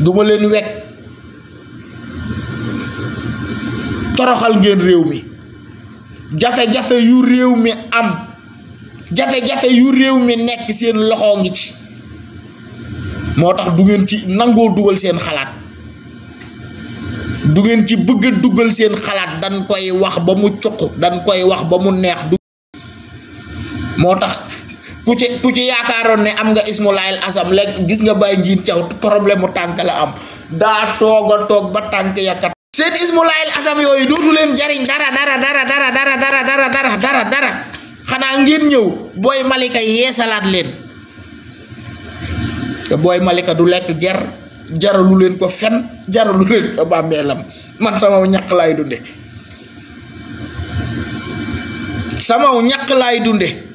duma leen wekk toroxal ngeen réew mi jafe-jafe yu réew mi am jafe-jafe yu réew mi nekk seen loxo ngi ci moo tax du ngeen ci nangoo dugal seen xalaat du ngeen ci bëgg a dugal seen xalaat dañ koy wax ba mu cuq dañ koy wax ba mu neex motax ku ci ku ci ne am nga asam lek gis nga bay problem caw problème mu tank la am daa toog a toog ba sen yakkat seen asam yooyu dootu len jariñ dara dara dara dara dara dara dara dara dara dara xana ngeen ñew boy malika yeesalat len ke boy malika du lek ger jaralu len ko fen jaralu len ko melam man sama ñak lay dundé sama ñak lay dundé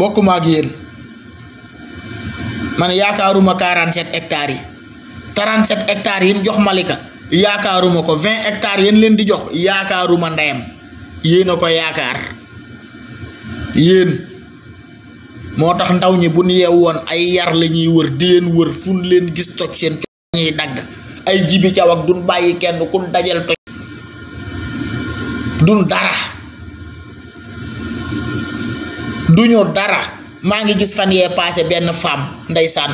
bokkuma ak yeen man yaakaaruma 47 hectares yi 37 hectares yi jox Malika yaakaaruma ko 20 hectares yeen len di jox yaakaaruma ndayam yeen ko yaakaar yeen motax ndaw ñi bu ñew won ay yar la ñuy wër di leen wër fu ñu leen gis tok seen ñi dag ay jibi ci wak duñ bayyi kenn kun dajal toj duñ dara duñu dara ma ngi gis fan yee passé benn femme ndeysaan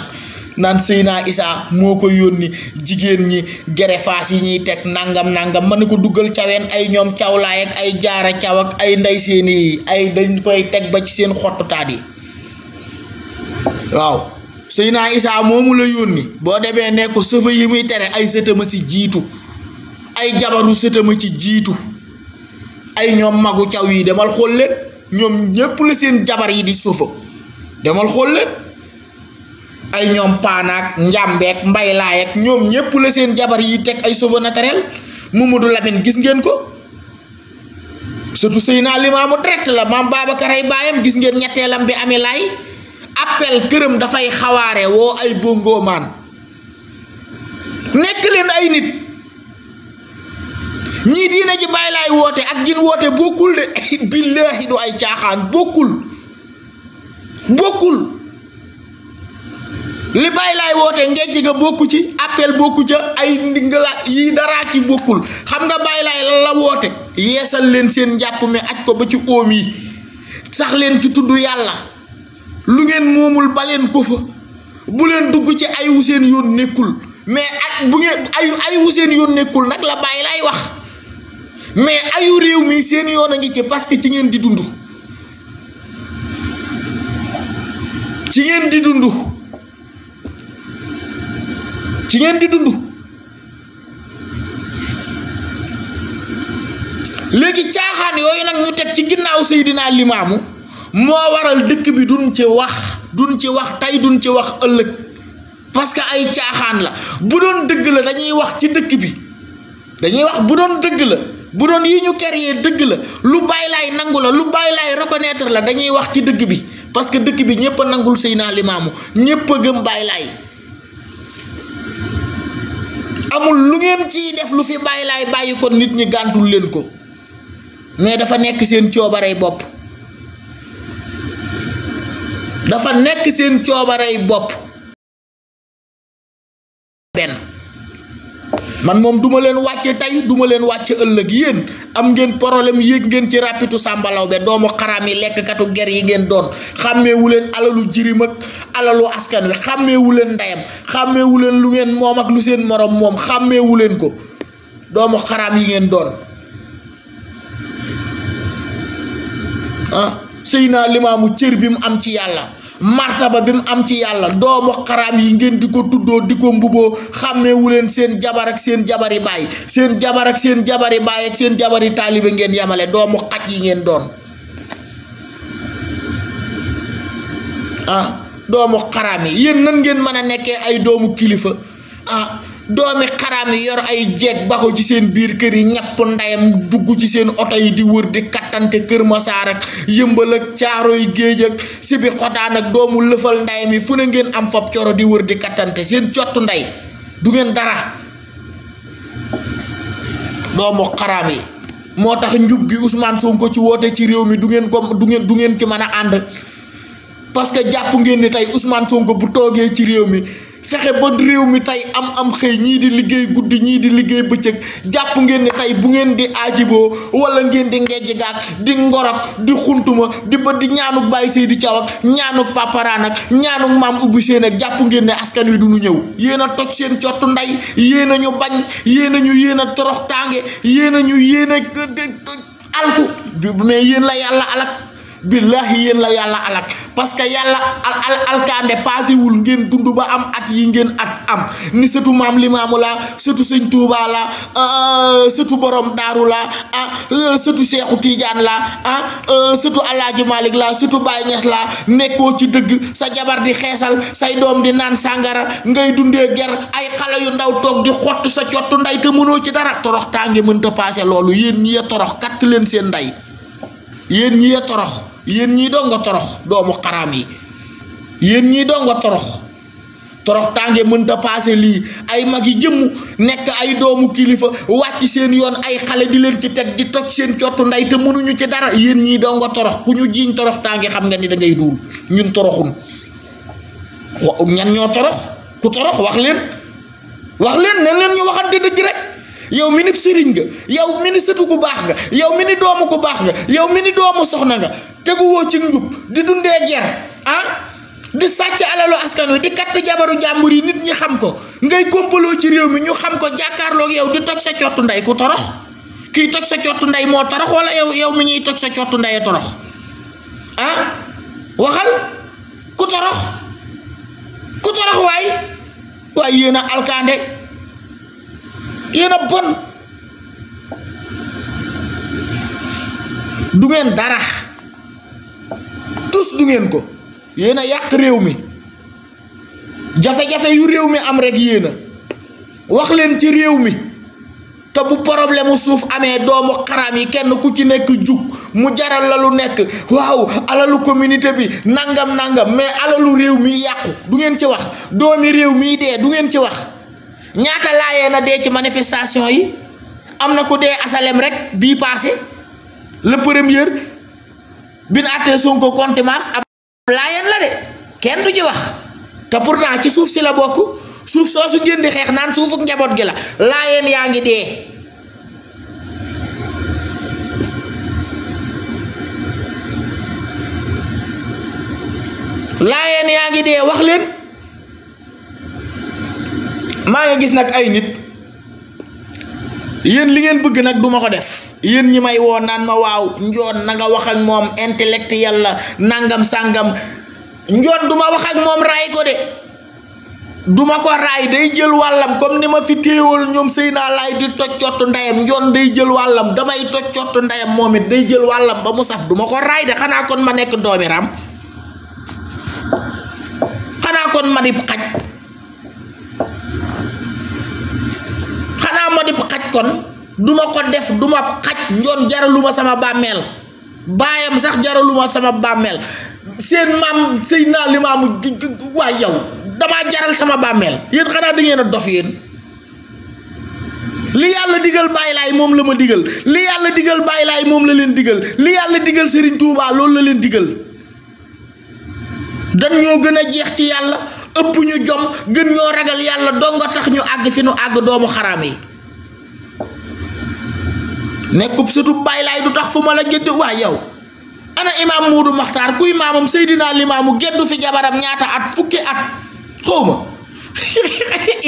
nan seyna isa moo ko yónni jigéen ñi gerefaas yi ñuy teg nangam nangam ma ne ko duggal caween ay ñoom laay ak ay jaara caw ak ay ndey seen yi ay dañ koy teg ba ci seen xottu yi waaw seyna isa moomu la yónni boo demee ne ko sëfa yi muy tere ay sëtama ci jiitu ay jabaru ma ci jiitu ay ñoom magu caw yi demal xol leen ñoom ñëpp la seen jabar yi di suufa demal xool leen ay ñoom paanaak njàmbeek mbay laayak ñoom ñëpp la seen jabar yi teg ay cheveux mu Mamadou Lamine gis ngeen ko surtout Seydina Limaamu direct la maam Babacar ay baayam gis ngeen ñetteelam bi amee laay appel këram dafay xawaare woo ay bongomaan nekk leen ay nit ñii diine ci bàyyi laay woote ak gin woote bokkul de [LAUGHS] billaahi du ay caaxaan bokkul bokkul li bàyyi laay woote ngecc nga bokku ci appel bokku ca ay ndigala yi dara ci bokkul xam nga bàyyi laay la woote yeesal leen seen njàpp mi aj ko ba ci óom yi sax leen ci tudd yàlla lu ngeen moomul baleen ko fa bu leen dugg ci ayu seen yoon nekkul mais bu ngeen ayu ayu seen yoon nekkul nag la bàyyi laay wax mais ayu réew mi seen yoon a ngi ci parce que ci ngeen di dund ci ngeen di dund ci ngeen di dund léegi caaxaan yooyu nag ñu teg ci ginnaaw Seydina Limaamu moo waral dëkk bi duñ ci wax duñ ci wax tey duñ ci wax ëllëg parce que ay caaxaan la bu doon dëgg la dañuy wax ci dëkk bi dañuy wax bu doon dëgg la bu doon yi ñu créé dëgg la lu bàyyi laay nangu la lu bàyyi laay reconnaître la dañuy wax ci dëgg bi parce que dëkk bi ñëpp a nangul Seydina Limaamu ñëpp a gëm bàyyi laay amul lu ngeen ciy def lu fi bàyyi laay bàyyi ko nit ñi gàntul leen ko mais dafa nekk seen coobarey bopp dafa nekk seen coobarey bopp man moom duma leen wàcce tey duma leen wàcce ëllëg yéen am ngeen problème yéeg ngeen ci ràppitu sàmbalaw be doomu xaraam yi lekkkatu ger yi ngeen doon xàmmeewu leen alalu jirim ak alalu askan wi xàmmewu leen ndeyam xàmmewu leen lu ngeen moom ak lu seen morom moom xàmmewu leen ko doomu xaraam yi ngeen doon ah sëy naa limaamu cër bi mu am ci yàlla martaba bi mu am ci yàlla doomu xaraam yi ngeen di ko tuddoo di ko mbuboo xàmmewu leen seen jabar ak seen jabari baay seen jabar seen jabari baay seen jabari taalibe ngeen yemale doomu xaj yi ngeen doon ah, doomu xaram yi yéen nan ngeen mën a nekkee ay doomu kilifa ah doomi xaraam yi yor ay jeeg baxu ci seen biir kër yi ñapp ndayam dugg ci seen oto yi di wër di kattante kër masaar ak yëmbal ak yi géej ak sibi xotaan ak doomu lëfal ndayam yi fu ne ngeen am fab coro di wër di kattante seen cottu nday du ngeen dara doomu xaraam yi moo tax njub gi Ousmane Sonko ci woote ci réew mi du ngeen ko du ngeen du ngeen ci mën a ànd parce que jàpp ngeen ni tey Ousmane Sonko bu toogee ci réew mi fexe ba réew mi tey am am xëy ñii di liggéey guddi ñii di liggéey bëccëg jàpp ngeen ni tey bu ngeen di aajiboo wala ngeen di ngejjigaak di ngorab di xuntuma di ba di ñaanuk bàyyi say di caw ak ñaanuk paparaan ak ñaanuk maam ubbi seen ak jàpp ngeen ne askan wi du ñëw yéen a toj seen cottu ndey yéen a ñu bañ yéen a ñu yéen a torox tànge yéen a ñu yéen a alku mais yéen la yàlla alak billahi yéen la yàlla alak parce que yàlla al alkaande paasewul ngeen dund ba am at yi ngeen at am ni sëtu maam limaamu la sëtu sëñ Tuuba la ah, sëtu borom daaru la ah sëtu Seexu Tiijaan la ah sëtu Alaaji Malik la sëtu Baay Ñas la nekkoo ci dëgg sa jabar di xeesal say doom di naan sàngara ngay dundee ger ay xale yu ndaw toog di xott sa cottu nday te mënoo ci dara torox tànge mënta paase loolu yéen ñi torox katt leen seen nday yéen ñi a torox yéen ñii doo nga doomu xaraam yi yéen ñii doo torox torox tànge mënta paase lii ay mag yi jëmm nekk ay doomu kilifa wàcc seen yoon ay xale di leen ci teg di toj seen cottu ndey te mënuñu ci dara yéen ñii doo torox ku ñu jiiñ torox tànge xam nga ni da ngay duul ñun toroxun ñan ñoo torox ku torox wax leen wax leen ne leen ñu waxante dëgg rek yow mi ni sëriñ nga yow mi ni sëtu ku baax nga yow mi ni doomu ku baax nga yow mi ni doomu soxna nga teguwoo ci njub di dundee ger ah di sàcc alalu askan wi di katt jabaru jàmbur yi nit ñi xam ko ngay kompaloo ci réew mi ñu xam ko jàkkaarlook yow di toj sa cottu ndey ku torox kii toj sa cottu ndey moo torox wala yow yow mi ñuy toj sa cottu ndey torox ah waxal ku torox ku torox waay waay yéen a alkaande Yena pun bon du ngeen dara tus du ngeen ko yena yak rew mi jafe-jafe yu rew mi am rek yena wax len ci rew mi ta bu problème souf amé doomu kharam yi kenn ku ci nek jug mu jaral la lu nekk alalu communauté bi nangam nangam mais alalu rew mi yak du ngeen ci wax doomi rew mi dé du ci wax ñaata laye na dé ci manifestation yi amna ku asalem rek bi passé le premier bin attee sonko compte mars ab laayeen la dé kèn du ci wax té pourtant ci souf ci la bokku souf soosu ngeen di xex nan gi la laye ngi wax leen maa ngi gis nak ay nit yeen li ngeen bëgg nak duma ko def yeen ñi may wo naan ma waaw njoon na nga wax ak moom intellectuel la nangam sangam njoon duma wax ak moom ray ko de duma ko ray day jël walam comme ni ma fi téewal ñoom seyna lay di toccott ndayam njoon day jël walam damay toccott ndayam momit day jël walam ba mu duma ko ray de xana kon ma nek doomi ram kon ma di xaj xana ma di xaj kon duma ko def duma xaj ñoon jaraluma sama bammel bayam sax jaraluma sama bammel seen mam seyna limam wa yow dama jaral sama bammel yeen xana da ngeena dof yeen li yalla diggal bàyyi laay moom la ma diggal li yalla diggal bàyyi laay moom la len diggal li yalla diggal serigne touba lol la len diggal dan ñoo gëna jeex ci yalla ëpp ñu jom gën ñoo ragal yàlla donga tax ñu àgg fi ñu àgg doomu xaraam yi nekkub sutub bàyyi du tax fu ma la gédd waa yow ana imaam muudu maxtaar kuy maamam seydinaa limaamu geddu fi jabaram ñaata at fukki at xawma [LAUGHS]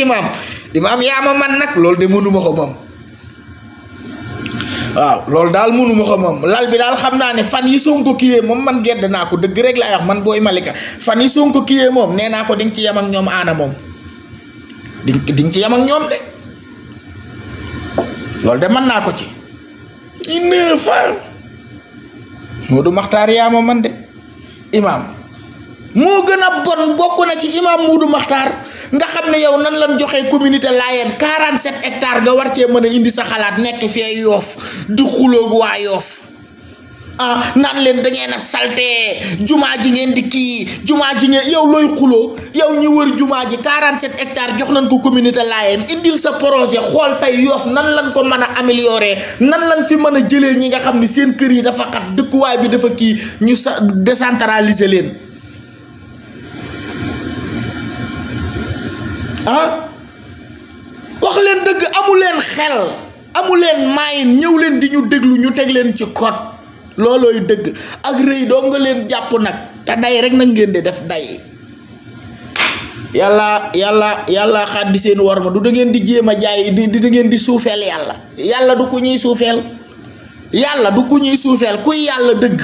imaam imaam yaa ma man nag loolu de mënuma ko moom waaw loolu daal munu ma ko moom lal bi daal xam naa ne fan yi sonko kiyee moom man gedd naa ko dëgg rek laa wax man booy malika fan yi sonko kiyee moom nee naa ko di ci yam ak ñoom aana moom di ci yam ak ñoom de loolu de man naa ko ci neuf ans moodu man de imam mo gëna bon bokku na ci imam mudu maktar nga xamne yow nan lan joxe communauté layen 47 hectares nga war ci meuna indi sa xalaat nekk fee yoof di xulóog wa yof ah nan len da ngayena salté juma ji ngeen di ki juma ji ngeen yow loy xulo yow ñi wër juma ji 47 hectares jox nañ ko communauté layen indil sa projet xol tay yof nan lan ko meuna améliorer nan lan fi meuna jëlé ñi nga xam seen kër yi dafa xat way bi dafa ki ñu sa décentraliser len ah wax leen deug amu leen xel amu leen mayin ñew leen di ñu deglu ñu tegg leen ci kot loloy deug ak reey do nga leen japp nak ta day rek na ngeen de def day yalla yalla yàlla seen warma du da ngeen di jema jaay di di da ngeen di soufel yalla yalla du ku ñuy soufel yalla du ku ñuy suufeel kuy deug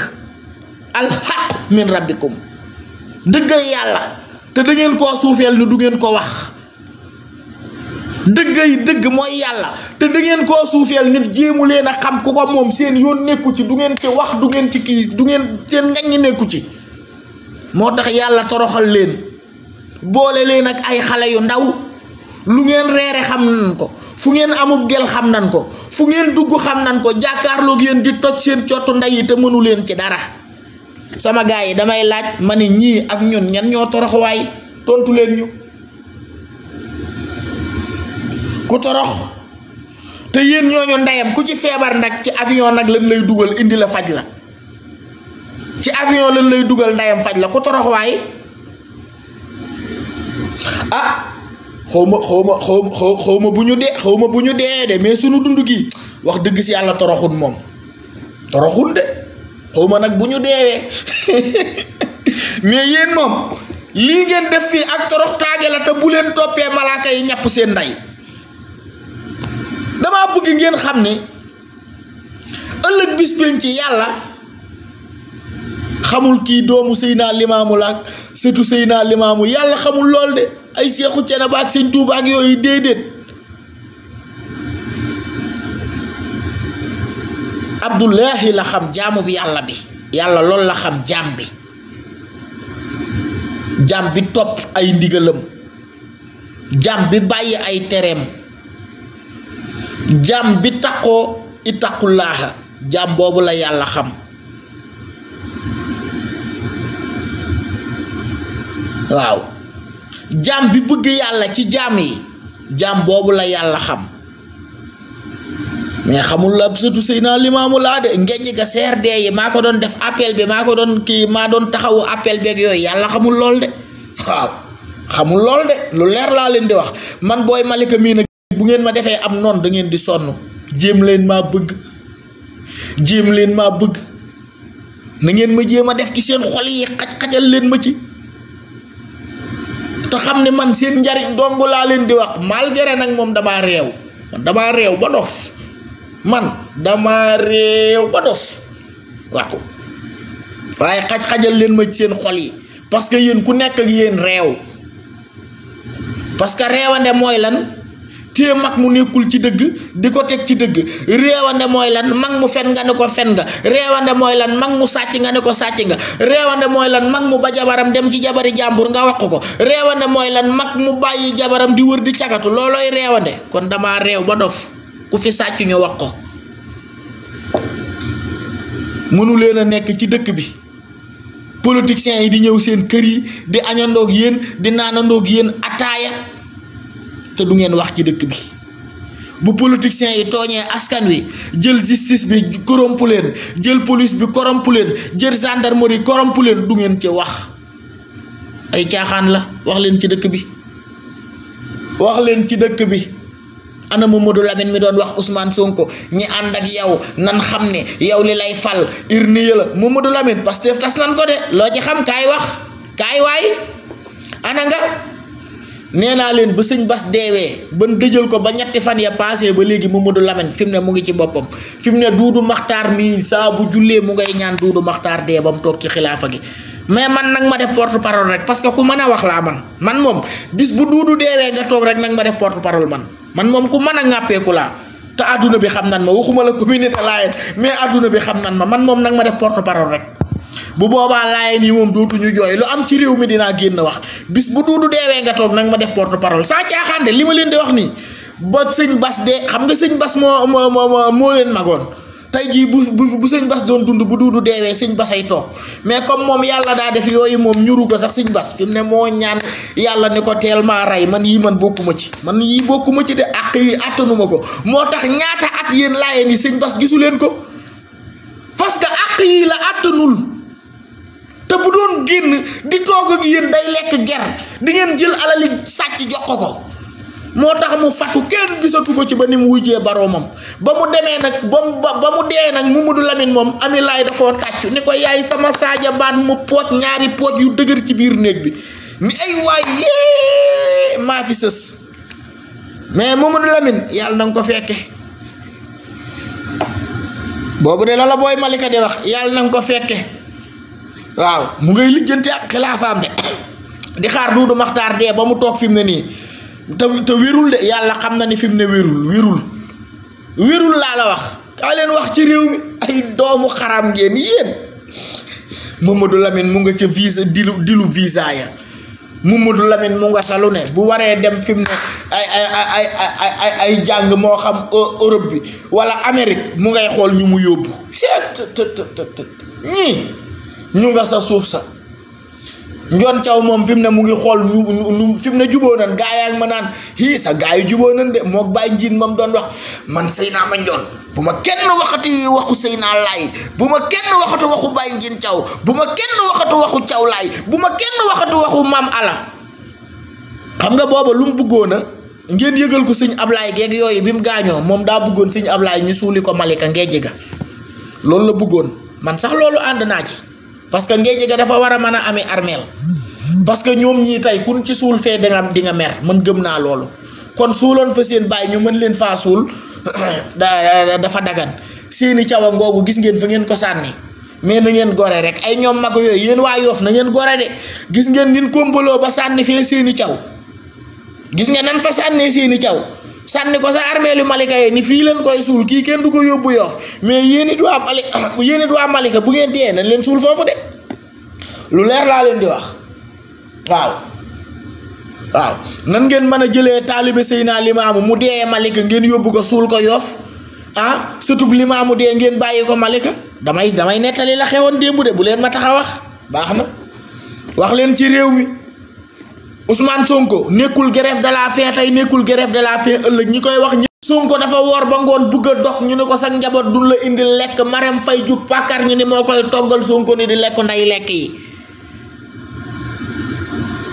al min rabbikum dëggal yalla te da ngeen ko soufel ni du ngeen ko wax dëgg dëggay dëgg mooy yàlla te da ngeen koo suufeel nit jéemu leen a xam ku ko moom seen yoon nekku ci du ngeen ci wax du ngeen ci kii du ngeen seen ngañ nekku ci moo tax yàlla toroxal leen boole leen ak ay xale yu ndaw lu ngeen reere xam nan ko fu ngeen amub gel xam nan ko fu ngeen dugg xam nan ko jàkkaarloog yéen di toj seen cottu ndey yi te mënu leen ci dara sama gaa yi damay laaj ma ne ñii ak ñun ñan ñoo toroxwaay tontu leen ñu. ku torox te yeen ñooñu ndayam ku ci febar nag ci avion nak lañ lay dugal indi la faj la ci avion lañ lay dugal ndayam faj la ku torox way ah xawma xawma xawma buñu ñu xawma buñu ñu dee de mais suñu dundu gi wax deug ci yalla toroxun mom toroxun de xawma nak buñu ñu [LAUGHS] mais yeen mom li ngeen def fi ak torox te bu len topé malaaka yi ñap seen nday dama bëgg ngeen xam ne ëllëg bis ci yàlla xamul kii doomu Seydina Limaamu la ak sëtu Seydina Limaamu yàlla xamul lool de ay seexu Ceenaba ak Sëñ Tuuba ak yooyu déedéet Abdullahi la xam jaamu bi yàlla bi yàlla lool la xam jaam bi jaam bi topp ay ndigalam jaam bi bàyyi ay tereem jam bi takko itaqullah jam bobu la yalla xam waw jam bi bëgg yalla ci jam yi jam bobu la yalla xam mais xamul la sëtu sayna limam laa de ngeñ ga CRD yi mako don def appel bi mako don ki ma don taxawu appel ak yoy yalla xamul lol de xamul lol de lu leer la leen di wax man boy malika mi bu ngeen ma defee am noon da ngeen di sonn jéem leen maa bëgg jéem leen maa bëgg na ngeen ma jéem a def ci seen xol yi xaj xajal leen ma ci te xam ne man seen njariñ dong laa leen di wax malgré nag moom dama réew man dama réew ba dof man dama réew ba dof waaw waaye xaj xajal leen ma ci seen xol yi parce que yéen ku nekk ak yéen réew parce que réewande mooy lan té mak mu nekul ci deug di tek ci deug réewande moy lan mag mu fen nga ne ko fen nga réewande moy lan mag mu sacc nga ne ko sacc nga réewande moy lan mag mu ba dem ci jabari jambur nga wax ko réewande moy lan mag mu bayyi jabaram di wër di ciagatu loloy réewande kon dama réew ba dof ku fi sacc ñu wax ko mënu leena nek ci dëkk bi politiciens yi di ñëw seen kër yi di añandok yeen di nanandok yeen ataya te du ngeen wax ci dëkk bi bu politiciens yi toñé askan wi jël justice bi corrompu len jël police bi corrompu len jël gendarmerie corrompu len du ngeen ci wax ay tiaxan la wax len ci dëkk bi wax len ci dëkk bi ana mamadou lamine mi doon wax ousmane sonko ñi and ak yaw nan xamne yaw li lay fal irniye ya la mamadou lamine parce que tas nan ko de lo ci xam kay wax kay way ana nga neena len bu seigne bass dewe ban dejeul ko ba ñetti fan ya passé ba mu mudu lamen fimne mu ngi ci bopam fimne dudu makhtar mi sa bu julle mu ngay ñaan dudu makhtar de bam tok ci khilafa gi mais man nak ma def porte parole rek parce que ku meuna wax la man man mom bis bu dudu dewe nga tok rek nak ma def porte parole man man mom ku meuna ngappé ku la ta aduna bi xam nan ma waxuma la communauté laayet mais aduna bi xam ma man mom nak ma def porte parole rek bu lay ni mom dootu ñu joy lu am ci rew mi dina genn wax bis bu duudu dewe nga tok nak ma def porte parole saa ci xande lima leen di wax ni ba señ bas de xam nga sëñ bas mo mo, mo, mo leen magon tay ji bu bu bu sëñ bas doon dund bu duudu dewe señ bas ay toog mais comme mom yalla daa def yoy mom ñuru ko sax señ bas fim ne mo ñaan yalla ni ko teel ma ray man yi man bokuma ci man yi bokuma ci de ak yi àttanuma ko motax ñaata at yeen laayeen ni señ bas gisulen ko parce que àq yi la àttanul te bu doon génn di toog ak yéen day lekk ger di ngeen jël alali sàcc jox ko ko moo tax mu fatu kenn gisatu ko ci ba ni mu wujjee baroomam ba mu demee nag ba mu ba mu dee nag ami laay da koo ni ko yaay sama saaja ban mu pooj ñaari pooj yu dëgër ci biir néeg bi ni ay waay yee maa fi sës mais mumudu lamin yàlla na nga ko fekke boobu de la la booy malika di wax yàlla na ko fekke waaw mu ngay lijjanti ak xilaafaam de [COUGHS] di xaar duudu maxtaar dee ba mu toog fi ne nii te te wérul de yàlla xam na ni fi mu ne wérul wérul wérul laa la wax kaa leen wax ci réew ay doomu xaram ngeen yéen Mamadou Lamine mu nga ca visa dilu dilu visa ya Mamadou Lamine mu nga salu ne bu waree dem fi ne ay ay ay ay jàng moo xam e, Europe bi wala Amérique mu ngay xool ñu mu yóbbu seet ñii ñu nga sa suuf sa njoon caw moom fi mu ne mu ngi xool nu fi mu ne juboo nan gaa yaa ma naan hii sa gaay juboo nan de moog bàyyi njiin mam doon wax man sëy naa ma njoon bu ma kenn waxati waxu sëy naa laay bu ma kenn waxatu waxu bu ma kenn caw laay bu ma kenn maam ala xam nga booba lu mu bëggoon a ngeen yëgal ko sëñ ablaay geeg yooyu bi mu gaañoo moom daa bëggoon sëñ ablaay ñu suuli ko malika ngee jega loolu la bëggoon man sax loolu ànd naa ci parce que ngéej ga dafa war a mën a amee armeel parce que ñoom ñii tey kun ci suul fee da nga di nga mer man gëm naa loolu kon suuloon fa seen bàyyi ñu mën leen faa suul [COUGHS] dafa dagan seeni cawa ngoogu gis ngeen fa ngeen ko sànni mais na ngeen gore rek ay ñoom mag yooyu yéen waa yoof na ngeen gore de gis ngeen nin kombaloo ba sànni fee seeni caw gis nga nan fa sànnee seeni caw sànni ko sa armée lu Malika yi ni fii leen koy suul kii kenn du ko yóbbu yoof mais yéen it waa Malika [COUGHS] yéen it waa Malika bu ngeen dee nañ leen suul foofu de lu leer laa leen di wax waaw waaw nan ngeen mën a jëlee taalibe Seydina Limaamu mu dee Malika ngeen yóbbu ko suul ko yoof ah surtout Limaamu dee ngeen bàyyi ko Malika damay damay nettali la xewoon démb de bu leen ma tax a wax baax na wax leen ci réew mi. Ousmane Sonko nekkul grève de tey nekkul grève de la faim ëllëg ñi koy wax ñi dafa woor ba ngoon bugg a dog ñu ne ko sax njaboot duñ la indi lekk Marème fay jub pàkkar ñu ne moo koy toggal Sonko ni di lekk nday lekk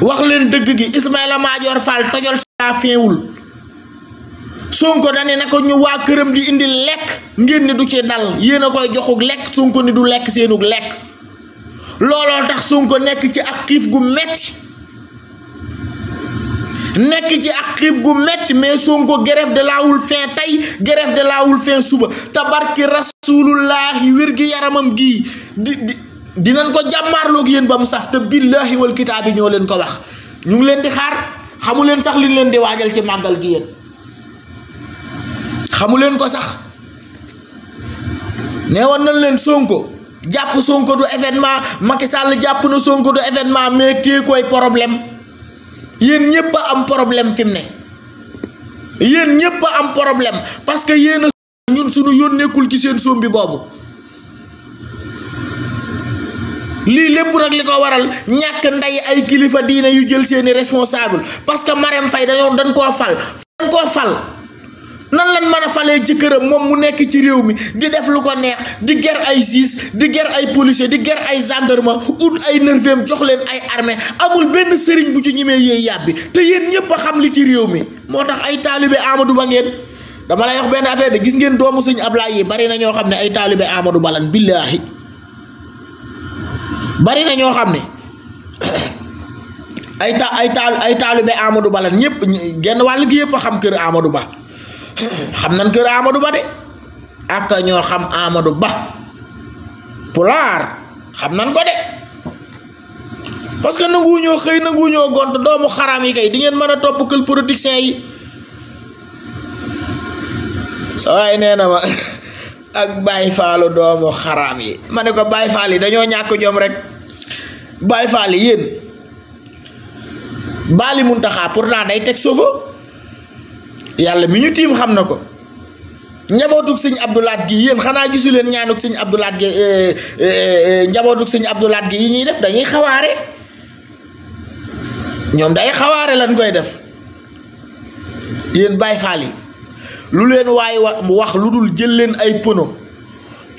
wax leen dëgg gi Ismaïla Madior Sonko dane na ko ñu waa këram di indi lekk ngeen ni du ci dal yéen a koy joxug lekk Sonko ni du lekk seenug lekk looloo tax Sonko nekk ci ak xiif gu metti Nek ci ak xiif gu metti mais songo grève de la fin tay grève de la fin suba tabarki rasulullah wir yaramam gi di ko jamarlo ak yeen bam saf te billahi wal kitabi ñoo leen ko wax ñu ngi leen di xaar xamu leen sax liñ leen di wajal ci magal gi yeen xamu leen ko sax neewon nañ leen sonko japp sonko du événement Macky Sall japp na sonko du événement mais té koy problème yéen ñëpp am problème fi ne yéen ñëpp am problème parce que yéen ñun suñu yoon nekkul ci seen sombi boobu lii lépp nag li ko waral ñàkk ndey ay kilifa diine yu jël seeni responsable parce que Marème Faye dañoo dañ koo fal dañ koo fal nan lañ man a falee jëkkëram moom mu nekk ci réew mi di def lu ko neex di ger ay juge di ger ay policier di ger ay gendarme ut ay nerveem jox leen ay armée amul benn sëriñ bu ci ñimee yooyu yàbbi te yéen ñëpp a li ci réew mi moo tax ay taalibe Amadou Ba ngeen dama lay wax benn affaire de gis ngeen doomu sëñ Ablaye yi bari na ñoo xam ne ay taalibe Amadou Ba lan billaahi bari na ñoo xam ne ay ta ay taal ay taalibe Amadou Ba lan ñëpp genn wàll gi yëpp xam kër Amadou Ba. xam nañ kër amadou ba de ak ño xam amadou ba pular xam nañ ko de parce que nangu ñoo xey nangu ñoo gont doomu kharam yi kay di ngeen meuna top keul production yi saway neena ma [LAUGHS] ak bay faalu doomu kharam yi mané ko bay faali yi ñak jom rek bay faali yeen bali muntaha pourtant day tek sofo yàlla mi ñu tiim xam na ko njabootug sëñ abdulaat gi yéen xanaa gisuleen leen ñaanug sëñ abdulaat gi eh, eh, eh, njabootug sëñ abdulaat gi yi ñuy def dañuy xawaare ñoom day xawaare lañ koy def yéen Baay Faal yi lu leen waaye wax lu dul jël leen ay pono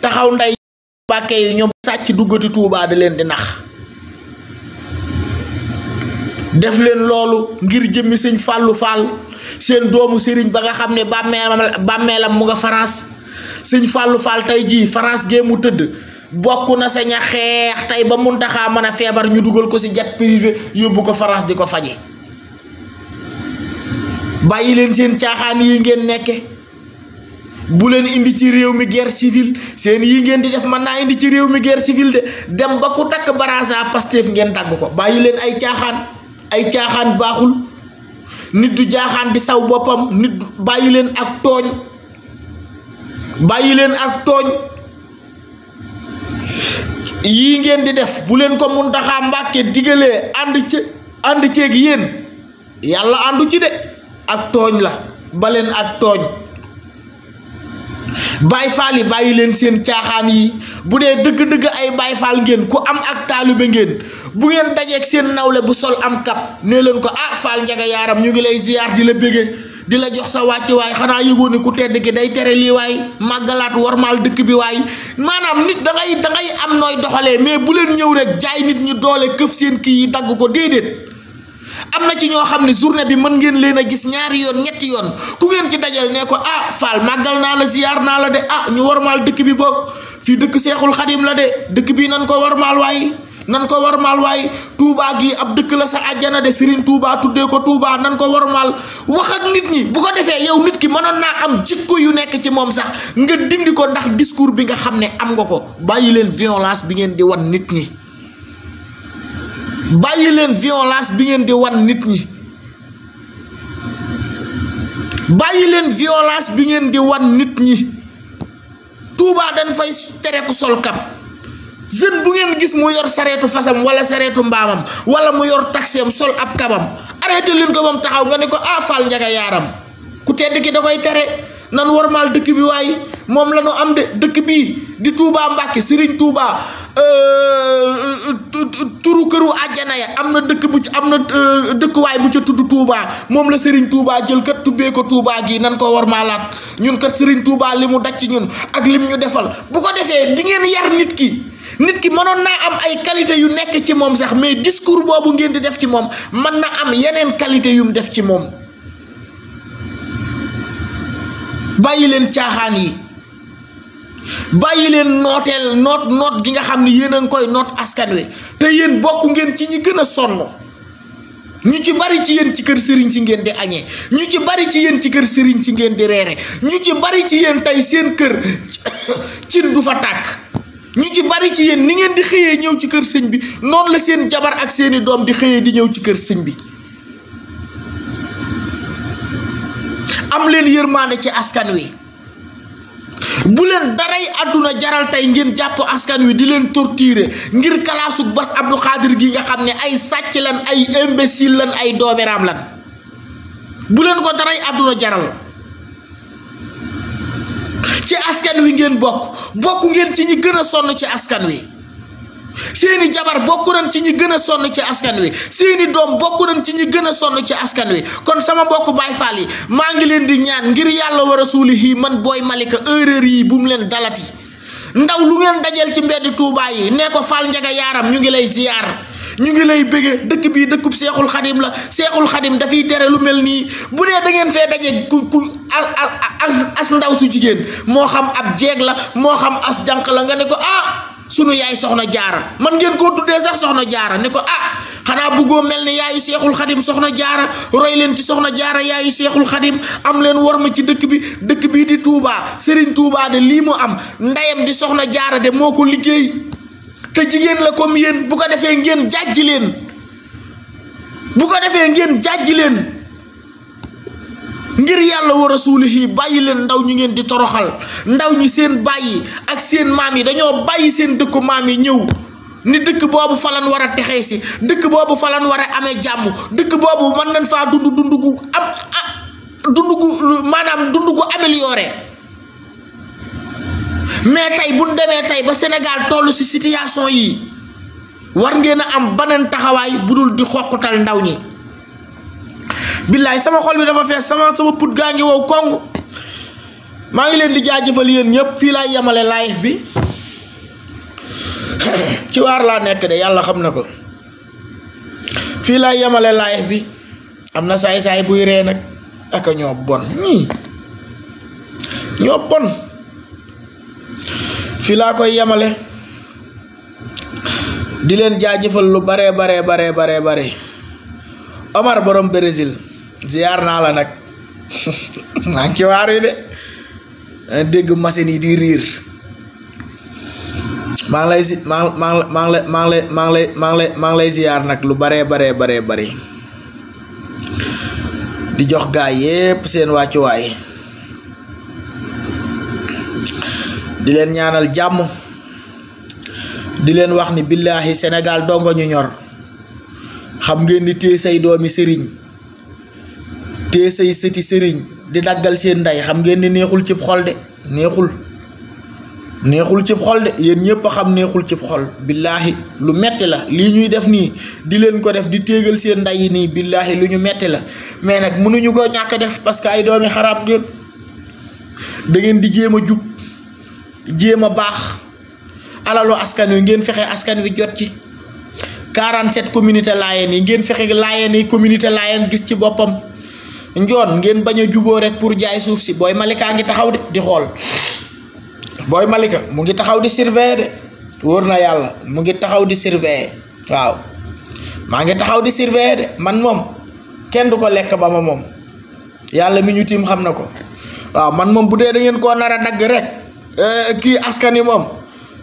taxaw nday bàkke yi ñoom sàcc duggati Tuubaa di leen di nax def leen loolu ngir jëmmi sëñ Fàllu Faal seen doomu serigne ba nga xamne bamelam bamelam mu nga France sëñ fàllu fall tay ji France gee mu tëdd na sañ a tay ba muntaxaa mën a ñu duggal ko ci jet privé yobbu ko France diko faje bayi len seen tiaxan yi ngeen nekke bu len indi ci rew mi guerre civile seen yi ngeen di def man na indi ci rew mi guerre civile de dem ba ku tak barasa Pastef ngeen tàgg ko bayi len ay tiaxan ay tiaxan baxul nit du jaaxaan di saw boppam nit du bàyyi leen ak tooñ bàyyi leen ak tooñ yii ngeen di def bu leen ko Muntaxa Mbàkke digalee ànd ci ànd ceeg yeen yàlla àndu ci de ak tooñ la baleen ak tooñ baay faal yi bàyyi leen seen caaxaan yi bu dee dëgg-dëgg ay baay faal ngeen ku am ak taalibe ngeen bu ngeen dajeek seen nawle bu sol am kap ne leen ko ah faal njaga yaaram ñu ngi lay ziyaar di la bége di la jox sa wàcc waay xanaa yëgoon ne ku tedd ki day tere lii waay màggalaat warmaal dëkk bi waaye maanaam nit dangay ngay am nooy doxalee mais bu leen ñëw rek jaay nit ñu doole këf seen kii yi dagg ko déedéet. am na ci ñoo xam ne journée bi mën ngeen leen a gis ñaari yoon ñetti yoon ku ngeen ci dajal ne ko ah Fall màggal naa la ziyaar naa la de ah ñu warmaal dëkk bi boog fii dëkk Seexul Xadim la de dëkk bi nan ko warmaal waaye nan ko warmaal waaye Touba gi ab dëkk la sa àjjana de Serigne tuubaa tuddee ko Touba nan ko warmaal wax ak nit ñi bu ko defee yow nit ki mënoon naa am jikko yu nekk ci moom sax nga dindi ko ndax discours bi nga xam ne am nga ko bàyyi leen violence bi ngeen di wan nit ñi. Bayi len violence bi ngeen di wan nit ñi bayi len violence bi ngeen di wan nit ñi touba dañ fay téré ko sol kap jeune bu ngeen gis mu yor sarétu fasam wala sarétu mbamam wala mu yor sol ab kabam arrêté len ko moom taxaw nga ne ko ah faal njaga yaram ku tedd ki da koy tere nan warmal dëkk bi way mom lañu am de dëkk bi di touba mbacké serigne touba Euh, turu këru àjjana ya am na dëkk bu ci am na euh, dëkkuwaay bu ca tudd Touba moom la Serigne Touba jël kat tubbee ko Touba gi nan ko war maalaat ñun kat Serigne Touba li mu daj ci ñun ak lim ñu defal bu ko defee di ngeen yar nit ki nit ki mënoon naa am ay qualité yu nekk ci moom sax mais discours boobu ngeen di def ci moom mën na am yeneen qualité yu mu def ci moom bàyyi leen caaxaan yi. bàyyi leen nooteel noot noot gi nga xam ni yéen a ngi koy noot askan wi te yéen bokk ngeen ci ñi gën a sonn ñu ci bari ci yéen ci kër sëriñ si ngeen di añee ñu ci bari ci yéen ci kër sëriñ si ngeen di reere ñu ci bari ci yéen tey seen kër [COUGHS] cin du fa tàkk ñu ci bari ci yéen ni ngeen di xëyee ñëw ci kër sëñ bi noonu la seen jabar ak seeni doom di xëyee di ñëw ci kër sëñ bi am leen yërmaande ci askan wi bu leen daray àdduna jaral tey ngeen jàpp askan wi di leen torturer ngir kalaasu Bass Abdou Khadre gi nga xam ne ay sàcc lan ay imbécile lan ay doomeraam lan bu leen ko daray àdduna jaral ci askan wi ngeen bokk bokk ngeen ci ñi gën a sonn ci askan wi seeni jabar bokk nañ ci ñi gën a sonn ci askan wi seeni doom bokk nañ ci ñi gën a sonn ci askan wi kon sama mbokk Baay Faal yi maa ngi leen di ñaan ngir yàlla war a suuli hii man booy Malika erreur yi bu mu leen dalati ndaw lu ngeen dajal ci mbedd Touba yi nee ko Fall Njaga yaaram ñu ngi lay ziyaar ñu ngi lay bëggee dëkk bii dëkkub seexul xadim la seexul xadim dafay tere lu mel nii bu dee da ngeen fee daje ku ku as ndaw su jigéen moo xam ab jeeg la moo xam as jànq la nga ne ko ah sunu yaay soxna jaara man ngeen koo tuddee sax soxna jaara ne ko ah xanaa buggoo mel ne yaayu seexul xadim soxna jaara roy leen ci soxna jaara yaayu seexul xadim am leen war ma ci dëkk bi dëkk bii di Touba Serigne Touba de lii mu am ndeyam di soxna jaara de moo ko liggéey te jigéen la comme yéen bu ko defee ngeen jàjji leen bu ko defee ngeen jàjji leen ngir yàlla wa rasuulihi bàyyi leen ndaw ñu ngeen di toroxal ndaw ñi seen bàyyi ak seen maam yi dañoo bàyyi seen dëkku maam yi ñëw ni dëkk boobu falan war a texee si dëkk boobu falan war a amee jàmm dëkk boobu mën nañ faa dund dund gu am ah, dund gu maanaam dund gu amélioré mais tey bu ñu demee tey ba Sénégal toll si situation yi war ngeen a am beneen taxawaay bu dul di xoqutal ndaw ñi. billaay sama xol bi dafa fees sama sama put gaa ngi wow kong maa ngi leen di jaajëfal yéen ñëpp fii laay yamale live bi ci waar laa nekk de yàlla xam na ko fii laa yamale live bi am na saay-saay buy ree nag ak ñoo bon ñii ñoo bon fii laa koy yamale di leen jaajëfal lu bare bare bare bare bare Omar borom Brésil ziar naa la nag [LAUGHS] maa ngi ci waar yi de eh, dégg machine yi di riir mang, ngi lay si maa maa ngi lay lay lay ziar lu baree baree baree bari di jox gaa yépp seen wàccuwaay di dilen ñaanal jàmm di leen wax ni billahi Sénégal dongo ñu ñor xam ngeen ni téye say doomi té sey séti sëriñ di daggal seen nday xam ngeen ni neexul ci xol de neexul neexul ci xol de yeen ñepp xam neexul ci xol billahi lu metti la li ñuy def ni di leen ko def di téegal seen nday ni billahi lu ñu metti la mais nak mënu ñu ko ñaka def parce que ay doomi xaraab ngeen da ngeen di jema juk jema bax a baax alalu askan wi ngeen fexé askan wi jot ci 47 communauté laayeen yi ngeen fexé laayeen yi communauté laayeen gis ci bopam njoon ngeen baña jubo rek pour jaay suuf si boy malika ngi taxaw di xol Boy malika mu ngi taxaw di surveiller de worna na mu ngi taxaw di surveiller waw ma ngi taxaw di surveiller de man mom kenn duko lek ba ma mom yalla mi ñu tiim ko waw man mom. bu dee da ngeen ko nara dag rek euh ki askani mom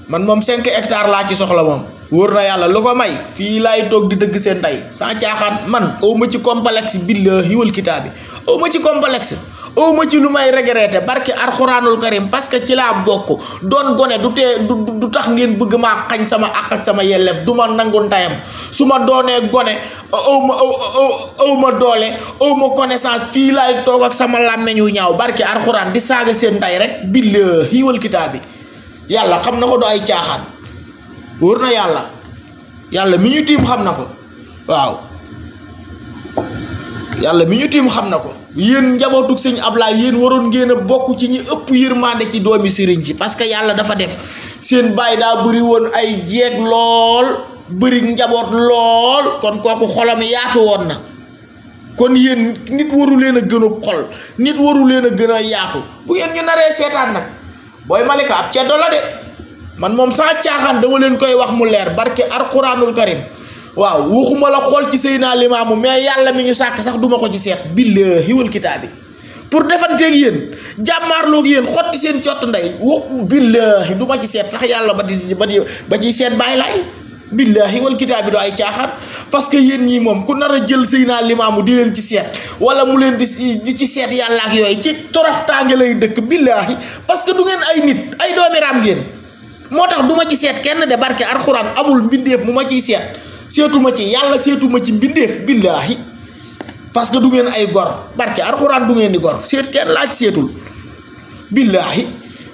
man mom 5 hectares la ci soxla mom wor na yàlla lu ko may fii laay toog di dëgg seen tay sans caaxaan man aw ma ci complexe billahi wal kitaabi aw ma ci complexe aw ma ci lu may regretté barki arxuraanul karim parce que ci laa bokk doon gone du tee du du tax ngeen bëgg maa xañ sama ak ak sama yelef du ma nangu ndayam su ma doonee gone aw ma aw ma doole aw ma connaissance fii laay toog ak sama làmmeñ ñaaw barki arxuraan di saaga seen tay rek billahi wal kitaabi yàlla xam na ko du ay caaxaan wóor na yàlla yàlla mi ñu tiim xam na ko waaw yàlla mi ñu tiim xam na ko yéen njabootug sëñ Ablaay yéen waroon ngeen a bokk ci ñi ëpp yërmande ci doomi sëriñ si parce que yàlla dafa def seen baay daa bëri woon ay jeeg lool bëri njaboot lool kon kooku xolam yaatu woon na kon yéen nit waru leen a gën xol nit waru leen a gën a yaatu bu ngeen ñu naree seetaan nag booy Malika ab ceddo la de man moom saa tiaxan dama len koy wax mu leer barke alquranul karim waaw waxuma la xol ci sayna limam mais yalla mi ñu sàkk sax duma ko ci seet billahi wal kitab pour jamar yéen ak yeen xotti seen ciot nday wax billahi duma ma ci seet sax yalla ba di ba di ba ciy seet bàyyi laay billahi wal kitab do ay tiaxan parce que yeen ñi moom ku nara jël sayna Limaamu di len ci seet wala mu len di ci seet yalla ak yoy ci toroxtaange lay dëkk billahi parce que du ngeen ay nit ay doomi ram ngeen motax duma ci set kenn de barke alquran amul mbindef mu ma ciy seet seetuma ci yalla setuma ci mbindef billaahi parce que du ngeen ay gor barke alquran du ngeen ni gor set kenn la ci setul billaahi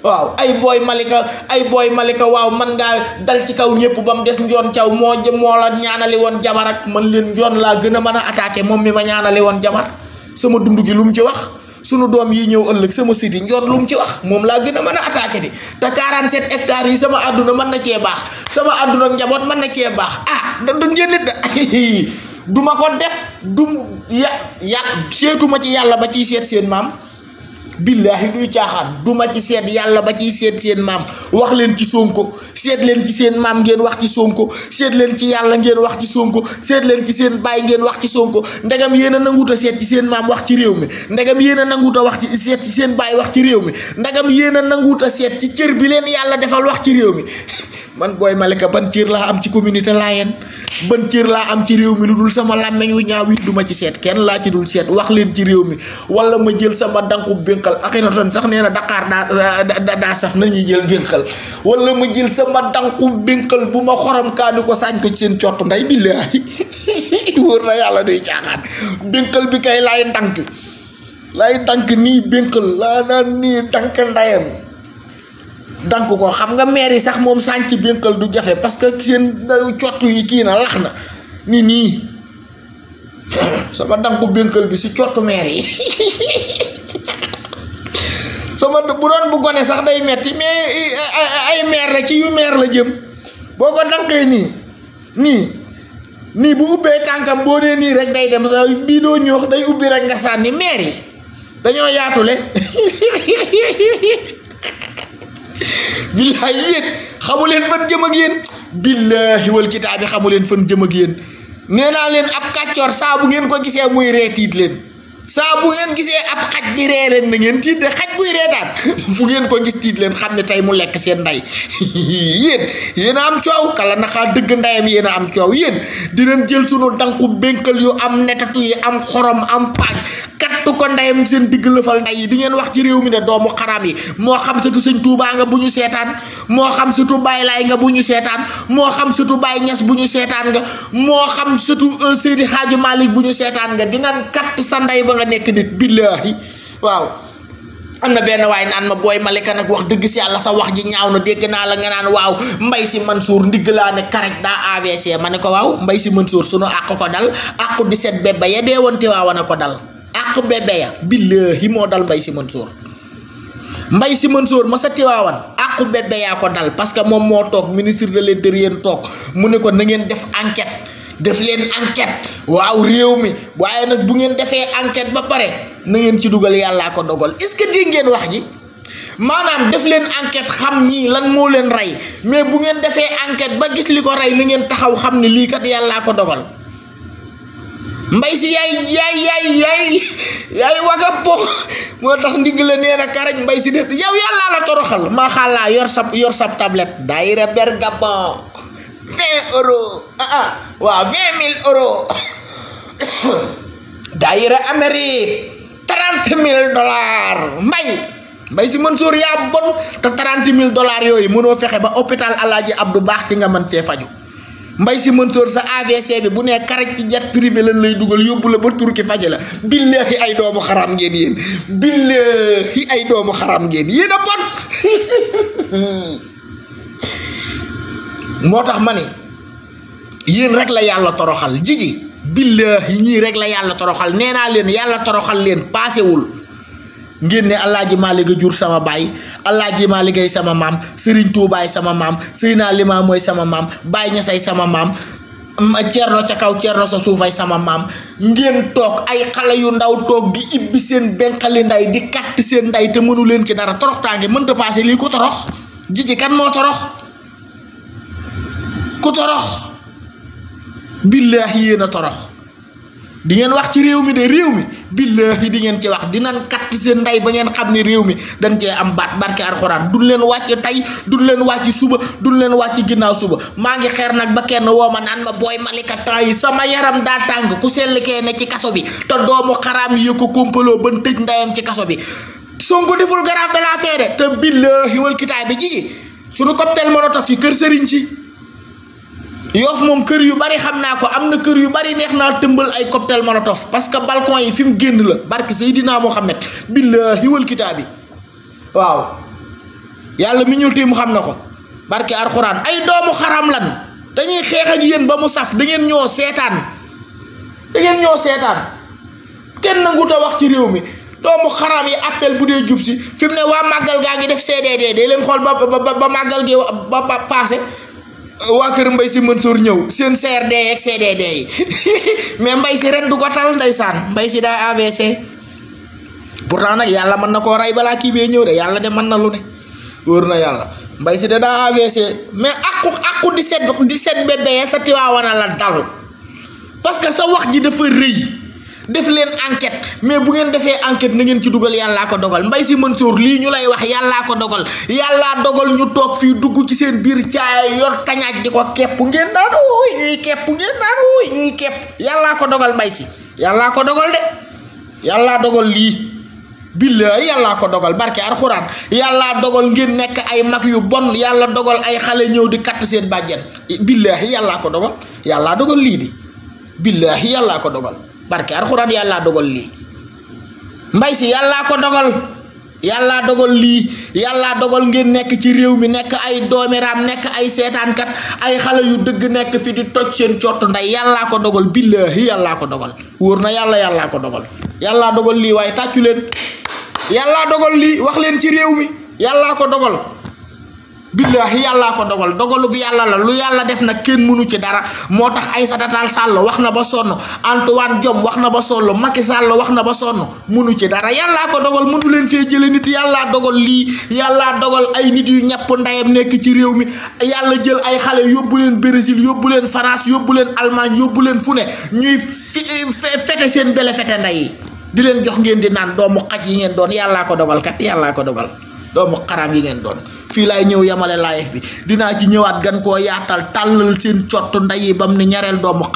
waaw ay boy malika ay boy malika waaw man nga dal ci kaw ñepp bam dess des njoon mo moo mo la ñaanali won jabar ak man leen njoon la gëna mëna attaquer mom mi ma ñaanali won jabar sama dundu gi lu mu ci wax sunu doom yi ñëw ëllëg sama site yi njoon lu mu ci wax moom laa gën a mën a attaqué di te 47 hectares yi sama àdduna mën na cee baax sama àdduna njaboot mën na cee baax ah da da ngeen da [LAUGHS] du ma ko def du ya ya seetuma ci yàlla ba ciy seet seen maam billaahi duy caaxaan du ma ci seet yàlla ba ciy seet seen maam wax leen ci Sonko seet leen ci seen maam ngeen wax ci Sonko seet leen ci yàlla ngeen wax ci Sonko seet ci seen baay ngeen wax ci Sonko ndegam yéen a nanguut seet ci seen maam wax ci réew mi ndegam yéen a nanguut wax ci seet ci seen baay wax ci réew mi ndegam yéen a seet ci cër bi leen yàlla defal wax ci réew mi [LAUGHS] man boy malika ban ciir la am ci communauté layen ban ciir la am ci rew mi ludul sama lameng wi ñaaw yi duma ci set kenn la ci dul set wax leen ci rew mi wala ma jël sama danku binkal akina ton sax neena dakar da da saf jël binkal wala ma jël sama danku binkal buma xoram ka diko sañ ko ci seen ciot nday billahi [LAUGHS] wor na yalla doy jaaxat binkal bi kay lay dank lay dank ni binkal la daan ni dank ndayam dank ko xam nga maire yi sax bengkel sànc bënkal du jafé parce que seen ciottu yi ki na laxna nini ni sama dank danku bënkal bi si ciottu maire yi [LAUGHS] sama bu doon bu goné sax day metti mais eh, ay maire la ci yu maire la jëm boko danké ni ni ni bu ubbé tankam bo né ni rek day dem sa bii doo day ubbi rek nga sanni maire yi dañoo le [LAUGHS] billaahi yéen xamu leen fan jëm ak yéen billaahi wal kitaabi xamu leen fan jëm ak yéen nee naa leen ab kàccoor saa bu ngeen ko gisee muy reetiit leen. sa bu ngeen gisee ab xaj bi ree leen na ngeen tiit de xaj buy reetaan [LAUGHS] fu ngeen ko gis tiit leen xam ne tey mu lekk seen nday [LAUGHS] yéen yéen am coow kala naxaa dëgg ndeyam yéen a am coow yéen leen jël sunu danku bénkal yu am netatu yi am xorom am paaj kattu ko ndayam seen digg lëfal nday yi di ngeen wax ci réew mi ne doomu xaram yi moo xam satu sëñ tuubaa nga bu ñu seetaan moo xam satu bàyyi laay nga bu ñu seetaan moo xam satu bàyyi ñes bu ñu seetaan nga moo xam satu euh, seydi xaaji malik bu ñu seetaan nga dinañ katt sa nday ba nga nek nit billahi waaw amna ben way nan ma boy malika nak wax deug ci yalla sa wax ji ñaaw na la nga nan waaw mbay si mansour ndig la ne karaj da AVC ma waaw mbay si mansour suno àq ko dal àqu di set bebe ya deewante waaw na ko dal àq bebe ya billahi mo dal mbay si mansour mbay si mansour ma sa tiwaawan àqu bebe ya ko dal parce que mom mo tok ministre de l'intérieur tok na ngeen def enquête def leen enquête waaw réew mi waaye nag bu ngeen defee enquête ba pare na ngeen ci dugal yàllaa ko dogal est ce que dégg ngeen wax ji maanaam def leen enquête xam ñii lan moo leen rey mais bu ngeen defee enquête ba gis li ko rey li ngeen taxaw xam ne lii kat yàllaa ko dogal mbay si yaay yaay yaay yaay yaay waga po moo tax ndigg la nee mbay si def yow la toroxal ma yor sap yor sap tablette daire bergabon vingt euros ah, ah waaw vingt mille euros [COUGHS] daayira Amérique trente mille dollars mbay mbay si Mansour yaa bon te trente mille dollars yooyu mënoo fexe ba hôpital Alaaji Abdou Baax ci nga mën cee faju mbay si Mansour sa AVC bi bu nee karaj ci jet privé lan lay dugal yóbbu la ba turki faje la billahi ay doomu xaraam ngeen yéen billahi ay doomu xaraam ngeen yéen a bon [LAUGHS] motax mané yeen rek la yalla toroxal jigi billahi ñi rek la yalla toroxal nee len leen yàlla toroxal leen wul ngeen ne alaaji maaliga jur sama baay alaaji maaligay sama mam, sëriñ tuubaay sama mam seyna lima moy sama mam, baay say sama mam, cierno ca kaw cierno sa soufay sama mam, ngeen tok ay xala yu ndaw tok di ibbi seen benqali nday di kat seen nday te mënu leen ci dara torox mën ta passé li ko torox jiji kan mo torox ku torox billahi yena torox di ngeen wax ci réew mi de réew mi billahi di ngeen ci wax nan kat seen nday ba ngeen xam ni réew mi dañ ci am baat barke alquran dul leen wacc tay dul leen wacc suba dul leen wacc ginnaaw suba ma ngi xeer nak ba kenn wo ma nan ma boy malika tay sama yaram da tang ku sel ke ne ci kasso bi te doomu kharam yi ko kompaloo ban tej ndayam ci kasso bi songu deful garab de la fere te billahi wal kitaab ji sunu koptel molotov ci keur ci yoof moom kër yu bari xam naa ko am na kër yu bari neex naa tëmbal ay cocktail molotov parce que balcon yi fi mu génn la barke Seydina Mohamed billahi wal kitaabi waaw yàlla mi ñuul tey mu xam na ko barke alxuraan ay doomu xaram lan dañuy xeex ak yéen ba mu saf da ngeen ñoo seetaan dangeen ñëw ñoo seetaan kenn nangu ta wax ci réew mi doomu xaraam yi appel bu dee jub si fi mu ne waa màggal gaa ngi def CDD day leen xool ba ba ba màggal gi ba paase. waa kër mbay si Mansour ñëw seen CRD ak CDD yi [LAUGHS] mais mbay si ren du ko tal nday saan mbay si daa pour pourtant nag yàlla mën na koo rey balaa kii bee ñëw de yàlla de man na lu ne wóor na yàlla mbay si da daa AVC mais àqu àqu di set di set bébé sa tiwaawana la dal parce sa wax ji dafa rëy. def len enquête mais bu ngeen defé enquête na ngeen ci duggal yalla ko dogal mbay si mansour li ñu lay wax yalla ko dogal yalla dogal ñu tok fi dugg ci seen bir tiaay yor tañaj diko kep ngeen naan oy ñi kep ngeen naan oy ñi kep yalla ko dogal mbay si yalla ko dogal de yalla dogal li billahi yalla ko dogal barke alquran yalla dogal ngeen nek ay mak yu bon yalla dogal ay xalé ñew di kat seen bajjen billahi yalla ko dogal yalla dogal li di billahi yalla ko dogal barke alxuraan yàllaa dogal lii mbay si yàllaa ko dogal yàllaa dogal lii yàllaa dogal ngeen nekk ci réew mi nekk ay doomiraam nekk ay seetaankat ay xale yu dëgg nekk fi di toj seen cott nday yàllaa ko dogal billaahi yàllaa ko dogal wóor na yàlla yàllaa ko dogal yàllaa dogal lii waaye tàccu leen yàllaa dogal lii wax leen ci réew mi yàllaa ko dogal billaahi yàllaa ko dogal dogalu yàlla la lu yàlla def nag kenn mënu ci dara moo tax Aïssata Tall Sall wax na ba sonn Antoine jom wax na ba sonn Macky Sall wax na ba sonn mënu ci dara yàllaa ko dogal mënu leen fee jële nit yàllaa dogal lii yàllaa dogal ay nit yu ñàpp ndayam nekk ci réew mi yàlla jël ay xale yóbbu leen Brésil yóbbu leen France yóbbu leen Allemagne yóbbu leen fu ne ñuy fete seen bele fete ndey di leen jox ngeen naan doomu xaj yi ngeen doon yàllaa ko dogal kat yàllaa ko dogal doomu xaraam yi ngeen doon fii laay ñëw yemale live bi dinaa ci ñëwaat gan koo yaatal tàllal seen cott ndeyi bam ni ñareel doomu